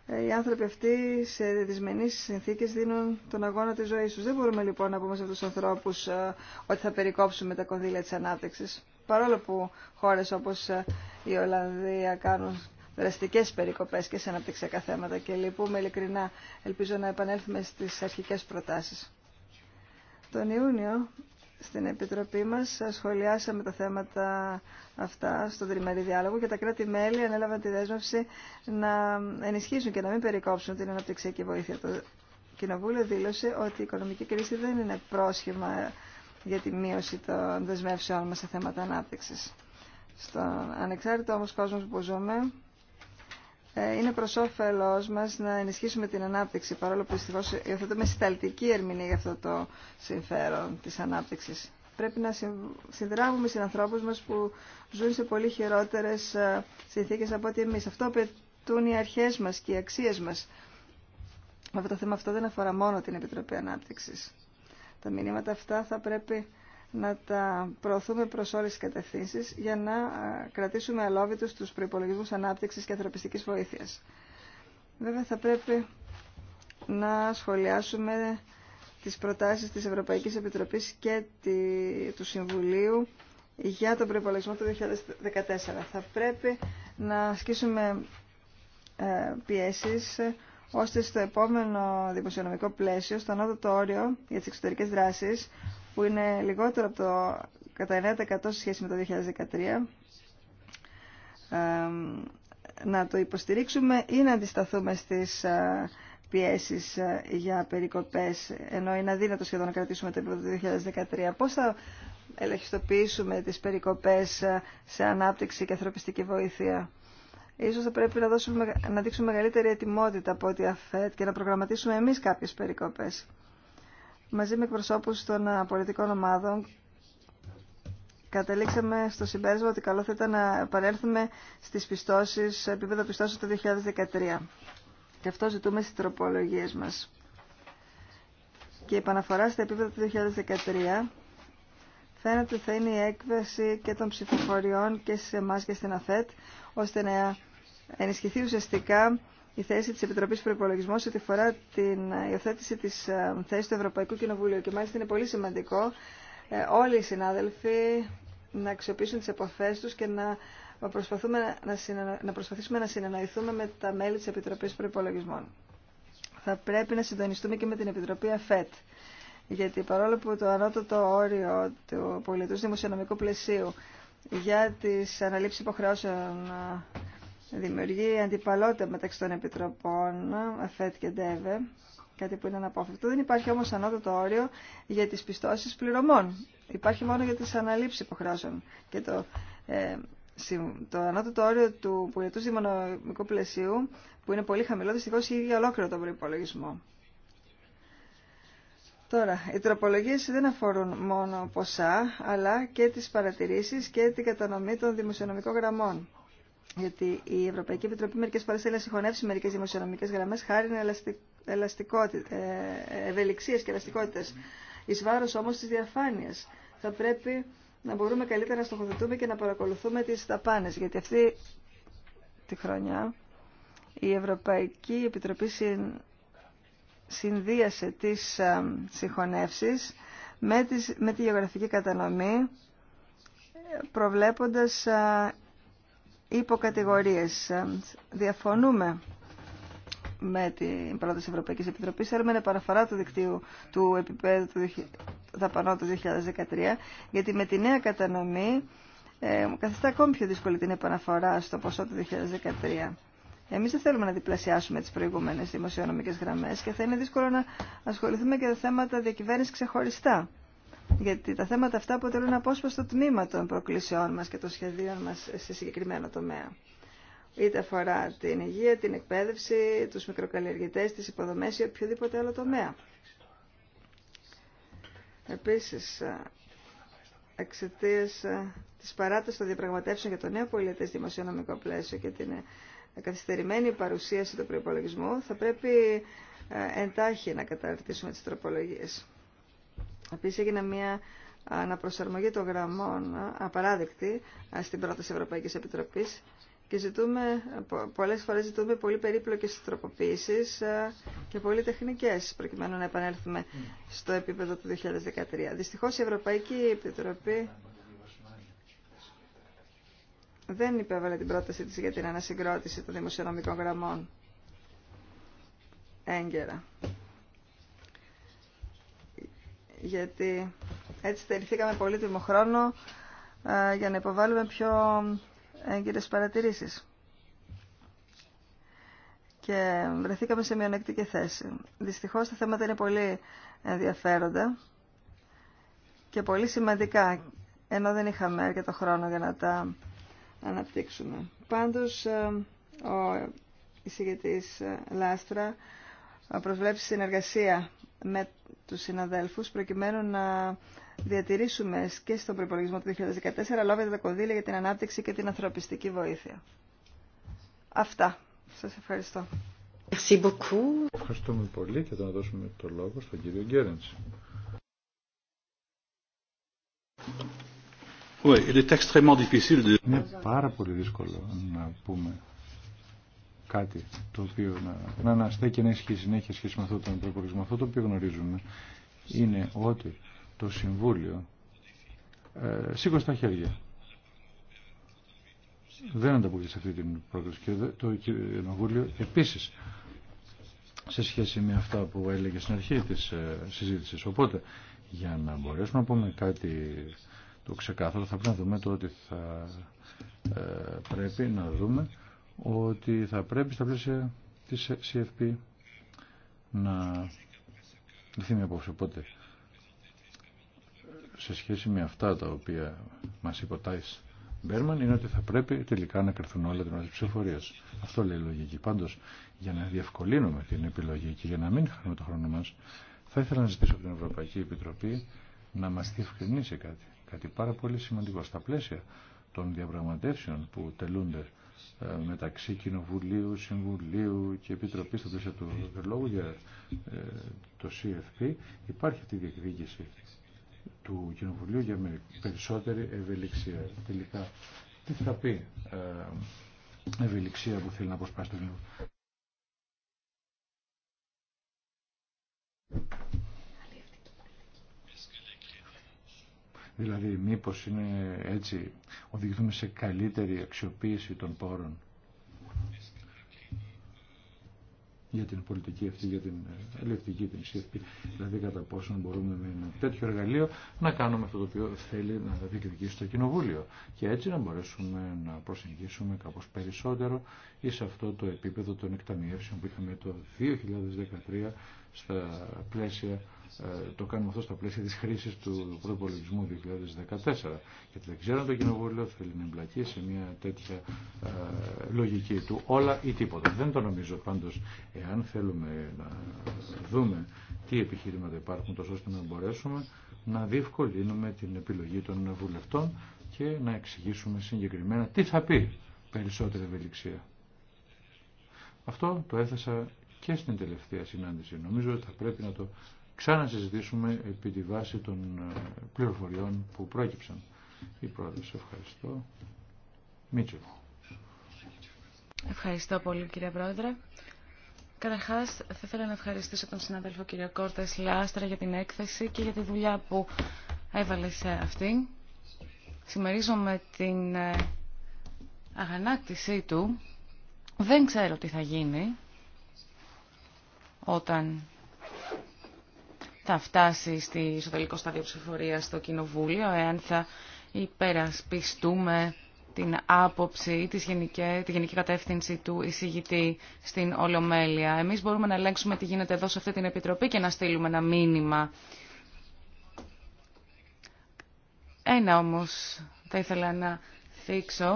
ε, οι άνθρωποι αυτοί σε δυσμενεί συνθήκες δίνουν τον αγώνα της ζωής του. Δεν μπορούμε λοιπόν να πούμε σε αυτού του ανθρώπου ε, ότι θα περικόψουμε τα κονδύλια της ανάπτυξη. Παρόλο που χώρες όπως ε, η Ολλανδία κάνουν δραστικέ περικοπές και σε αναπτυξιακά θέματα και λυπούμε ειλικρινά. Ελπίζω να επανέλθουμε στις αρχικέ προτάσει. Τον Ιούνιο στην Επιτροπή μας σχολιάσαμε τα θέματα αυτά στον τριμερή διάλογο και τα κράτη-μέλη ανέλαβαν τη δέσμευση να ενισχύσουν και να μην περικόψουν την αναπτυξιακή βοήθεια. Το Κοινοβούλιο δήλωσε ότι η οικονομική κρίση δεν είναι πρόσχημα για τη μείωση των δεσμεύσεών μας σε θέματα ανάπτυξης. Στον ανεξάρτητο όμως κόσμο που ζούμε, ε, είναι προ όφελό μα να ενισχύσουμε την ανάπτυξη, παρόλο που δυστυχώ υιοθετούμε συνταλτική ερμηνεία για αυτό το συμφέρον τη ανάπτυξη. Πρέπει να συνδράμουμε συνανθρώπου μα που ζουν σε πολύ χειρότερε ε, συνθήκε από ότι εμεί. Αυτό απαιτούν οι αρχέ μα και οι αξίε μα. Αυτό το θέμα αυτό δεν αφορά μόνο την Επιτροπή Ανάπτυξη. Τα μηνύματα αυτά θα πρέπει να τα προωθούμε προ όλε τι κατευθύνσει για να κρατήσουμε αλόβητου του προπολογισμού ανάπτυξη και ανθρωπιστική βοήθεια. Βέβαια, θα πρέπει να σχολιάσουμε τις προτάσεις της Ευρωπαϊκής Επιτροπής και του Συμβουλίου για τον προπολογισμό του 2014. Θα πρέπει να ασκήσουμε ε, πιέσεις ώστε στο επόμενο δημοσιονομικό πλαίσιο, στο το όριο για τις εξωτερικές δράσεις, που είναι λιγότερο από το κατά 9% σε σχέση με το 2013, να το υποστηρίξουμε ή να αντισταθούμε στις ε, πιέσεις ε, για περικοπές, ενώ είναι αδύνατο σχεδόν να κρατήσουμε το επίπεδο του 2013. Πώς θα ελεγχιστοποιήσουμε τις περικοπές ε, σε ανάπτυξη και ανθρωπιστική βοήθεια. Ίσως θα πρέπει να, δώσουμε, να δείξουμε μεγαλύτερη ετοιμότητα από ό,τι αφέτ και να προγραμματίσουμε εμείς κάποιες περικοπές μαζί με εκπροσώπους των ε, πολιτικών ομάδων καταλήξαμε στο συμπέρασμα ότι καλό θα ήταν να επανέλθουμε στις πιστώσεις, επίπεδο πιστώσεων το 2013. Και αυτό ζητούμε στις τροπολογίες μας. Και η επαναφορά στα επίπεδα του 2013 φαίνεται ότι θα είναι η έκβαση και των ψηφοφοριών και σε εμά και στην ΑΦΕΤ, ώστε να ενισχυθεί ουσιαστικά η θέση της Επιτροπής προπολογισμού ότι φορά την ε, υιοθέτηση της ε, θέσης του Ευρωπαϊκού Κοινοβουλίου και μάλιστα είναι πολύ σημαντικό ε, όλοι οι συνάδελφοι να αξιοποιήσουν τις εποφέ τους και να, προσπαθούμε, να, συνενο... να προσπαθήσουμε να συνεννοηθούμε με τα μέλη της Επιτροπής Προπολογισμών. Θα πρέπει να συντονιστούμε και με την Επιτροπή ΑΦΕΤ. Γιατί παρόλο που το ανώτατο όριο του πολιτού δημοσιονομικού πλαισίου για τις αναλήψεις υποχρεώσεων δημιουργεί αντιπαλότητα μεταξύ των επιτροπών ΑΦΕΤ και ΝΤΕΒΕ, κάτι που είναι αναπόφευκτο. Δεν υπάρχει όμως ανώτατο όριο για τις πιστώσεις πληρωμών. Υπάρχει μόνο για τις αναλήψεις υποχρεώσεων. Και το, ε, το ανώτατο όριο του πολιτού δημονομικού πλαισίου, που είναι πολύ χαμηλό, δυστυχώ έχει για ολόκληρο τον προπολογισμό. Τώρα, οι τροπολογίε δεν αφορούν μόνο ποσά, αλλά και τι παρατηρήσει και την κατανομή των δημοσιονομικών γραμμών γιατί η Ευρωπαϊκή Επιτροπή μερικέ φορέ θέλει να συγχωνεύσει μερικέ δημοσιονομικέ γραμμέ χάρη ε, ε, ευελιξία και ελαστικότητα. Ει βάρο όμω τη διαφάνεια. Θα πρέπει να μπορούμε καλύτερα να στοχοθετούμε και να παρακολουθούμε τι δαπάνε. Γιατί αυτή τη χρονιά η Ευρωπαϊκή Επιτροπή συνδύασε τι ε, συγχωνεύσει με, τη γεωγραφική κατανομή προβλέποντας υποκατηγορίες. Ε, διαφωνούμε με την πρόταση Ευρωπαϊκής Επιτροπής. Θέλουμε να παραφορά του δικτύου του επίπεδου του του 2013, γιατί με τη νέα κατανομή ε, καθιστά ακόμη πιο δύσκολη την επαναφορά στο ποσό του 2013. Εμείς δεν θέλουμε να διπλασιάσουμε τις προηγούμενες δημοσιονομικές γραμμές και θα είναι δύσκολο να ασχοληθούμε και τα θέματα διακυβέρνηση ξεχωριστά γιατί τα θέματα αυτά αποτελούν απόσπαστο τμήμα των προκλήσεών μας και των σχεδίων μας σε συγκεκριμένο τομέα. Είτε αφορά την υγεία, την εκπαίδευση, τους μικροκαλλιεργητές, τις υποδομές ή οποιοδήποτε άλλο τομέα. Επίσης, εξαιτία ε, της παράτασης των διαπραγματεύσεων για το νέο πολιτές δημοσιονομικό πλαίσιο και την ε, καθυστερημένη παρουσίαση του προϋπολογισμού, θα πρέπει ε, εντάχει να καταρτήσουμε τις τροπολογίες. Επίση έγινε μια αναπροσαρμογή των γραμμών απαράδεκτη στην πρόταση Ευρωπαϊκή Επιτροπή και ζητούμε, πολλές φορές ζητούμε πολύ περίπλοκες τροποποίησεις και πολύ τεχνικές προκειμένου να επανέλθουμε στο επίπεδο του 2013. Δυστυχώς η Ευρωπαϊκή Επιτροπή δεν υπέβαλε την πρόταση της για την ανασυγκρότηση των δημοσιονομικών γραμμών έγκαιρα γιατί έτσι πολύ πολύτιμο χρόνο ε, για να υποβάλουμε πιο έγκυρες παρατηρήσεις. Και βρεθήκαμε σε μειονεκτική θέση. Δυστυχώς τα θέματα είναι πολύ ενδιαφέροντα και πολύ σημαντικά, ενώ δεν είχαμε αρκετό χρόνο για να τα αναπτύξουμε. Πάντως, ε, ο εισηγητής ε, Λάστρα προσβλέψει συνεργασία με τους συναδέλφους προκειμένου να διατηρήσουμε και στον προπολογισμό του 2014 λόγια τα κονδύλια για την ανάπτυξη και την ανθρωπιστική βοήθεια. Αυτά. Σας ευχαριστώ. Ευχαριστούμε πολύ και θα δώσουμε το λόγο στον κύριο Γκέρεντς. Είναι πάρα πολύ δύσκολο να πούμε κάτι το οποίο να, να και να έχει συνέχεια σχέση με αυτό τον προπολογισμό. το οποίο γνωρίζουμε είναι ότι το Συμβούλιο ε, σήκωσε τα χέρια. Δεν ανταποκρίνεται αυτή την πρόκληση. Και το Κοινοβούλιο επίση σε σχέση με αυτά που έλεγε στην αρχή τη ε, συζήτησης. Οπότε, για να μπορέσουμε να πούμε κάτι το ξεκάθαρο, θα πρέπει να δούμε το ότι θα ε, πρέπει να δούμε ότι θα πρέπει στα πλαίσια της CFP να λυθεί μια απόψη. Οπότε, σε σχέση με αυτά τα οποία μας είπε ο Τάις Μπέρμαν, είναι ότι θα πρέπει τελικά να κρυφθούν όλα την ώρα Αυτό λέει η λογική. Πάντως, για να διευκολύνουμε την επιλογή και για να μην χάνουμε το χρόνο μας, θα ήθελα να ζητήσω από την Ευρωπαϊκή Επιτροπή να μας διευκρινίσει κάτι. Κάτι πάρα πολύ σημαντικό στα πλαίσια των διαπραγματεύσεων που τελούνται ε, μεταξύ Κοινοβουλίου, Συμβουλίου και Επιτροπής στο πλαίσιο του λόγου για ε, το CFP υπάρχει αυτή η διεκδίκηση του Κοινοβουλίου για περισσότερη ευελιξία. Τελικά, τι θα πει ε, ευελιξία που θέλει να αποσπάσει το Δηλαδή μήπως είναι έτσι οδηγηθούμε σε καλύτερη αξιοποίηση των πόρων για την πολιτική αυτή, για την ε, ελευθερική την σύρτη, Δηλαδή κατά πόσον μπορούμε με ένα τέτοιο εργαλείο να κάνουμε αυτό το οποίο θέλει να διεκδικήσει το Κοινοβούλιο. Και έτσι να μπορέσουμε να προσεγγίσουμε κάπως περισσότερο ή σε αυτό το επίπεδο των εκταμιεύσεων που είχαμε το 2013 στα πλαίσια ε, το κάνουμε αυτό στα πλαίσια της χρήσης του προπολογισμού 2014. Γιατί δεν ξέρω αν το Κοινοβούλιο θέλει να εμπλακεί σε μια τέτοια ε, λογική του όλα ή τίποτα. Δεν το νομίζω πάντως εάν θέλουμε να δούμε τι επιχειρήματα υπάρχουν τόσο ώστε να μπορέσουμε να διευκολύνουμε την επιλογή των βουλευτών και να εξηγήσουμε συγκεκριμένα τι θα πει περισσότερη ευελιξία. Αυτό το έθεσα και στην τελευταία συνάντηση. Νομίζω ότι θα πρέπει να το ξανασυζητήσουμε επί τη βάση των ε, πληροφοριών που πρόκυψαν. Η πρόεδρος, ευχαριστώ. Μίτσο. Ευχαριστώ πολύ κύριε Πρόεδρε. Καταρχά, θα ήθελα να ευχαριστήσω τον συνάδελφο κύριο Κόρτε Λάστρα για την έκθεση και για τη δουλειά που έβαλε σε αυτή. Συμμερίζομαι την ε, αγανάκτησή του. Δεν ξέρω τι θα γίνει όταν θα φτάσει στη, στο τελικό στάδιο ψηφορία στο Κοινοβούλιο, εάν θα υπερασπιστούμε την άποψη ή τη γενική κατεύθυνση του εισηγητή στην Ολομέλεια. Εμείς μπορούμε να ελέγξουμε τι γίνεται εδώ σε αυτή την Επιτροπή και να στείλουμε ένα μήνυμα. Ένα όμως θα ήθελα να θίξω.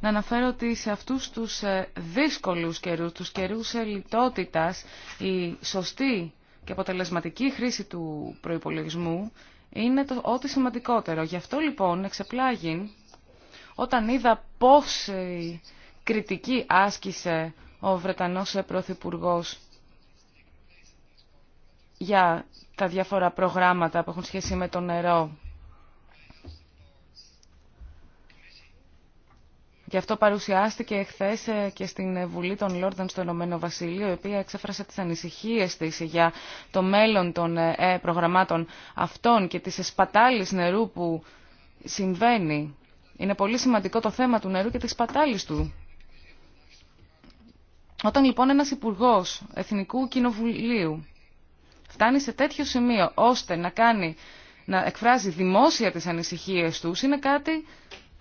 Να αναφέρω ότι σε αυτούς τους ε, δύσκολους καιρούς, τους καιρούς ελιτότητας η σωστή και αποτελεσματική χρήση του προϋπολογισμού είναι το ό,τι σημαντικότερο. Γι' αυτό λοιπόν εξεπλάγει όταν είδα πώς κριτική άσκησε ο Βρετανός Πρωθυπουργό για τα διάφορα προγράμματα που έχουν σχέση με το νερό Και αυτό παρουσιάστηκε εχθέ ε, και στην Βουλή των Λόρδων στο Ηνωμένο Βασίλειο, η οποία εξέφρασε τι ανησυχίε τη για το μέλλον των ε, ε, προγραμμάτων αυτών και τη εσπατάλη νερού που συμβαίνει. Είναι πολύ σημαντικό το θέμα του νερού και της εσπατάλη του. Όταν λοιπόν ένας Υπουργό Εθνικού Κοινοβουλίου φτάνει σε τέτοιο σημείο ώστε να κάνει να εκφράζει δημόσια τις ανησυχίες τους είναι κάτι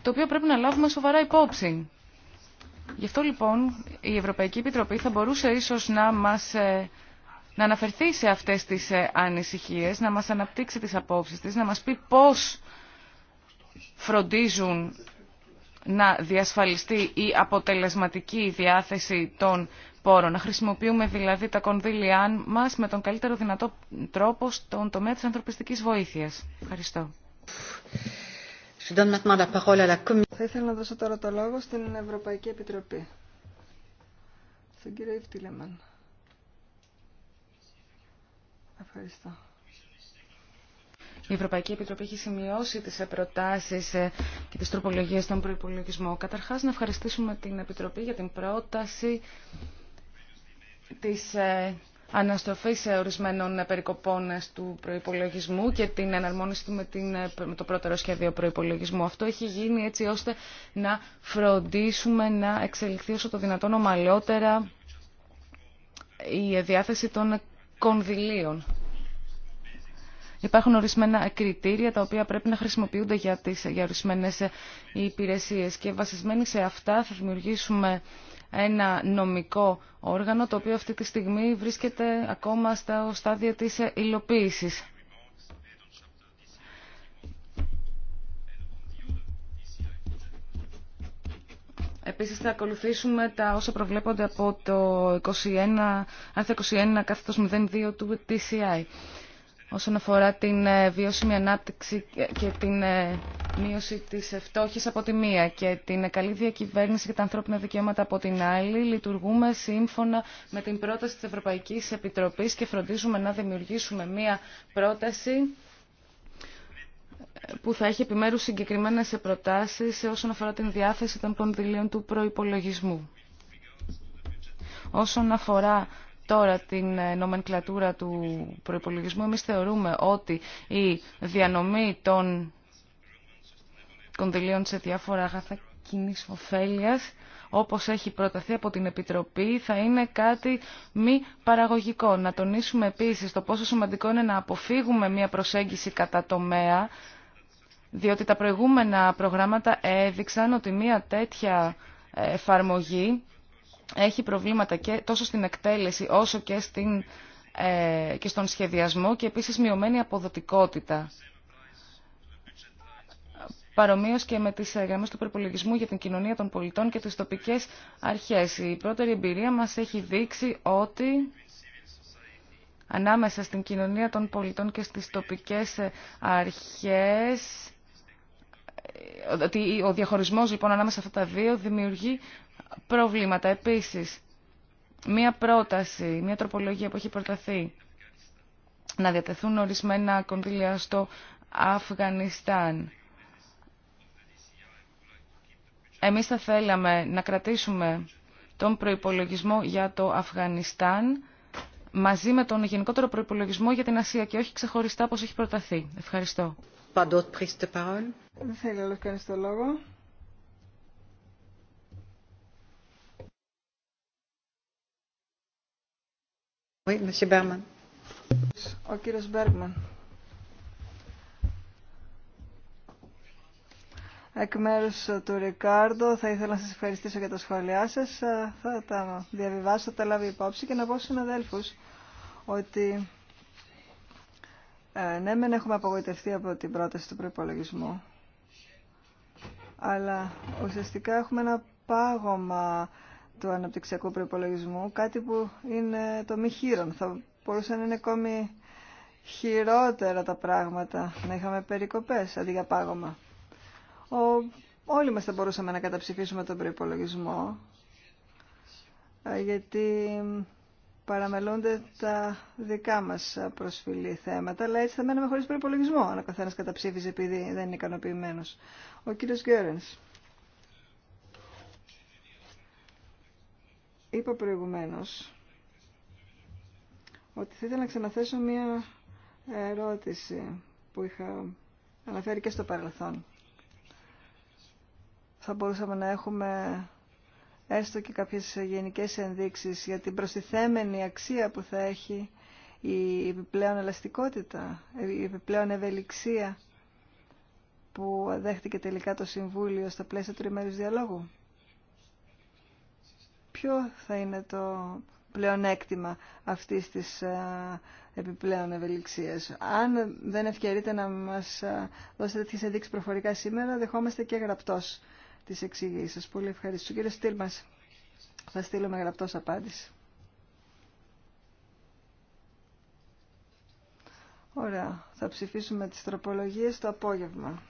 το οποίο πρέπει να λάβουμε σοβαρά υπόψη. Γι' αυτό λοιπόν η Ευρωπαϊκή Επιτροπή θα μπορούσε ίσως να μας ε, να αναφερθεί σε αυτές τις ε, ανησυχίες, να μας αναπτύξει τις απόψεις της, να μας πει πώς φροντίζουν να διασφαλιστεί η αποτελεσματική διάθεση των πόρων. Να χρησιμοποιούμε δηλαδή τα κονδύλια μας με τον καλύτερο δυνατό τρόπο στον τομέα της ανθρωπιστικής βοήθειας. Ευχαριστώ. Θα ήθελα να δώσω τώρα το λόγο στην Ευρωπαϊκή Επιτροπή. Στον κύριο Ιφτήλεμαν. Ευχαριστώ. Η Ευρωπαϊκή Επιτροπή έχει σημειώσει τις προτάσεις ε, και τις τροπολογίες στον προϋπολογισμό. Καταρχάς, να ευχαριστήσουμε την Επιτροπή για την πρόταση της ε, σε ορισμένων περικοπών του προϋπολογισμού και την εναρμόνιση του με, την, με το πρώτερο σχέδιο προϋπολογισμού. Αυτό έχει γίνει έτσι ώστε να φροντίσουμε να εξελιχθεί όσο το δυνατόν ομαλότερα η διάθεση των κονδυλίων. Υπάρχουν ορισμένα κριτήρια τα οποία πρέπει να χρησιμοποιούνται για, τις, για ορισμένες υπηρεσίες και βασισμένοι σε αυτά θα δημιουργήσουμε ένα νομικό όργανο το οποίο αυτή τη στιγμή βρίσκεται ακόμα στα στάδια της υλοποίησης. Επίσης θα ακολουθήσουμε τα όσα προβλέπονται από το 21, άρθρο 21 κάθετος 02 του TCI όσον αφορά την ε, βιώσιμη ανάπτυξη και την ε, μείωση της φτώχειας από τη μία και την ε, καλή διακυβέρνηση και τα ανθρώπινα δικαιώματα από την άλλη, λειτουργούμε σύμφωνα με την πρόταση της Ευρωπαϊκής Επιτροπής και φροντίζουμε να δημιουργήσουμε μία πρόταση που θα έχει επιμέρους συγκεκριμένες προτάσεις όσον αφορά την διάθεση των πονδυλίων του προϋπολογισμού. Όσον αφορά τώρα την νομενκλατούρα του προϋπολογισμού, εμείς θεωρούμε ότι η διανομή των κονδυλίων σε διάφορα αγαθά κοινή ωφέλεια, όπως έχει προταθεί από την Επιτροπή, θα είναι κάτι μη παραγωγικό. Να τονίσουμε επίσης το πόσο σημαντικό είναι να αποφύγουμε μια προσέγγιση κατά τομέα, διότι τα προηγούμενα προγράμματα έδειξαν ότι μια τέτοια ε, εφαρμογή έχει προβλήματα και τόσο στην εκτέλεση όσο και, στην, ε, και στον σχεδιασμό και επίσης μειωμένη αποδοτικότητα. Παρομοίως και με τις ε, γραμμές του προπολογισμού για την κοινωνία των πολιτών και τις τοπικές αρχές. Η πρώτερη εμπειρία μας έχει δείξει ότι ανάμεσα στην κοινωνία των πολιτών και στις τοπικές ε, αρχές ότι ο διαχωρισμός λοιπόν ανάμεσα αυτά τα δύο δημιουργεί προβλήματα. Επίσης, μία πρόταση, μία τροπολογία που έχει προταθεί να διατεθούν ορισμένα κονδύλια στο Αφγανιστάν. Εμείς θα θέλαμε να κρατήσουμε τον προϋπολογισμό για το Αφγανιστάν μαζί με τον γενικότερο προϋπολογισμό για την Ασία και όχι ξεχωριστά όπως έχει προταθεί. Ευχαριστώ. Δεν θέλει άλλο κανείς το λόγο. Ο κύριος Μπέρμαν, Εκ μέρους του Ρικάρντο θα ήθελα να σα ευχαριστήσω για τα σχόλιά σας. Θα τα διαβιβάσω, θα τα λάβει υπόψη και να πω στου συναδέλφους ότι ε, ναι, μεν έχουμε απογοητευτεί από την πρόταση του προπολογισμού, αλλά ουσιαστικά έχουμε ένα πάγωμα του αναπτυξιακού προπολογισμού, κάτι που είναι το μη χείρον. Θα μπορούσαν να είναι ακόμη χειρότερα τα πράγματα, να είχαμε περικοπές αντί για πάγωμα. Ο, όλοι μας θα μπορούσαμε να καταψηφίσουμε τον προπολογισμό, γιατί παραμελούνται τα δικά μας προσφυλή θέματα, αλλά έτσι θα μέναμε χωρίς προπολογισμό. αν ο καθένας καταψήφιζε επειδή δεν είναι ικανοποιημένος. Ο κύριος Γκέρενς. Είπα προηγουμένως ότι θα ήθελα να ξαναθέσω μία ερώτηση που είχα αναφέρει και στο παρελθόν. Θα μπορούσαμε να έχουμε έστω και κάποιες γενικές ενδείξεις για την προστιθέμενη αξία που θα έχει η επιπλέον ελαστικότητα, η επιπλέον ευελιξία που δέχτηκε τελικά το Συμβούλιο στα πλαίσια του ημέρου διαλόγου ποιο θα είναι το πλεονέκτημα αυτής της ε, επιπλέον ευελιξίας. Αν δεν ευκαιρείτε να μας ε, δώσετε τέτοιες ενδείξεις προφορικά σήμερα, δεχόμαστε και γραπτός της εξηγήσεις σας. Πολύ ευχαριστώ. Κύριε σας. θα στείλουμε γραπτός απάντηση. Ωραία. Θα ψηφίσουμε τις τροπολογίες το απόγευμα.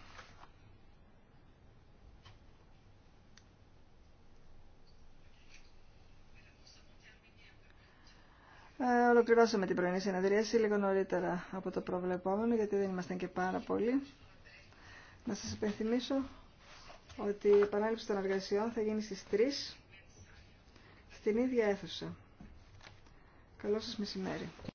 Ε, ολοκληρώσαμε την πρωινή συνεδρίαση λίγο νωρίτερα από το προβλεπόμενο, γιατί δεν ήμασταν και πάρα πολύ. Να σας υπενθυμίσω ότι η επανάληψη των εργασιών θα γίνει στις 3 στην ίδια αίθουσα. Καλό σας μεσημέρι.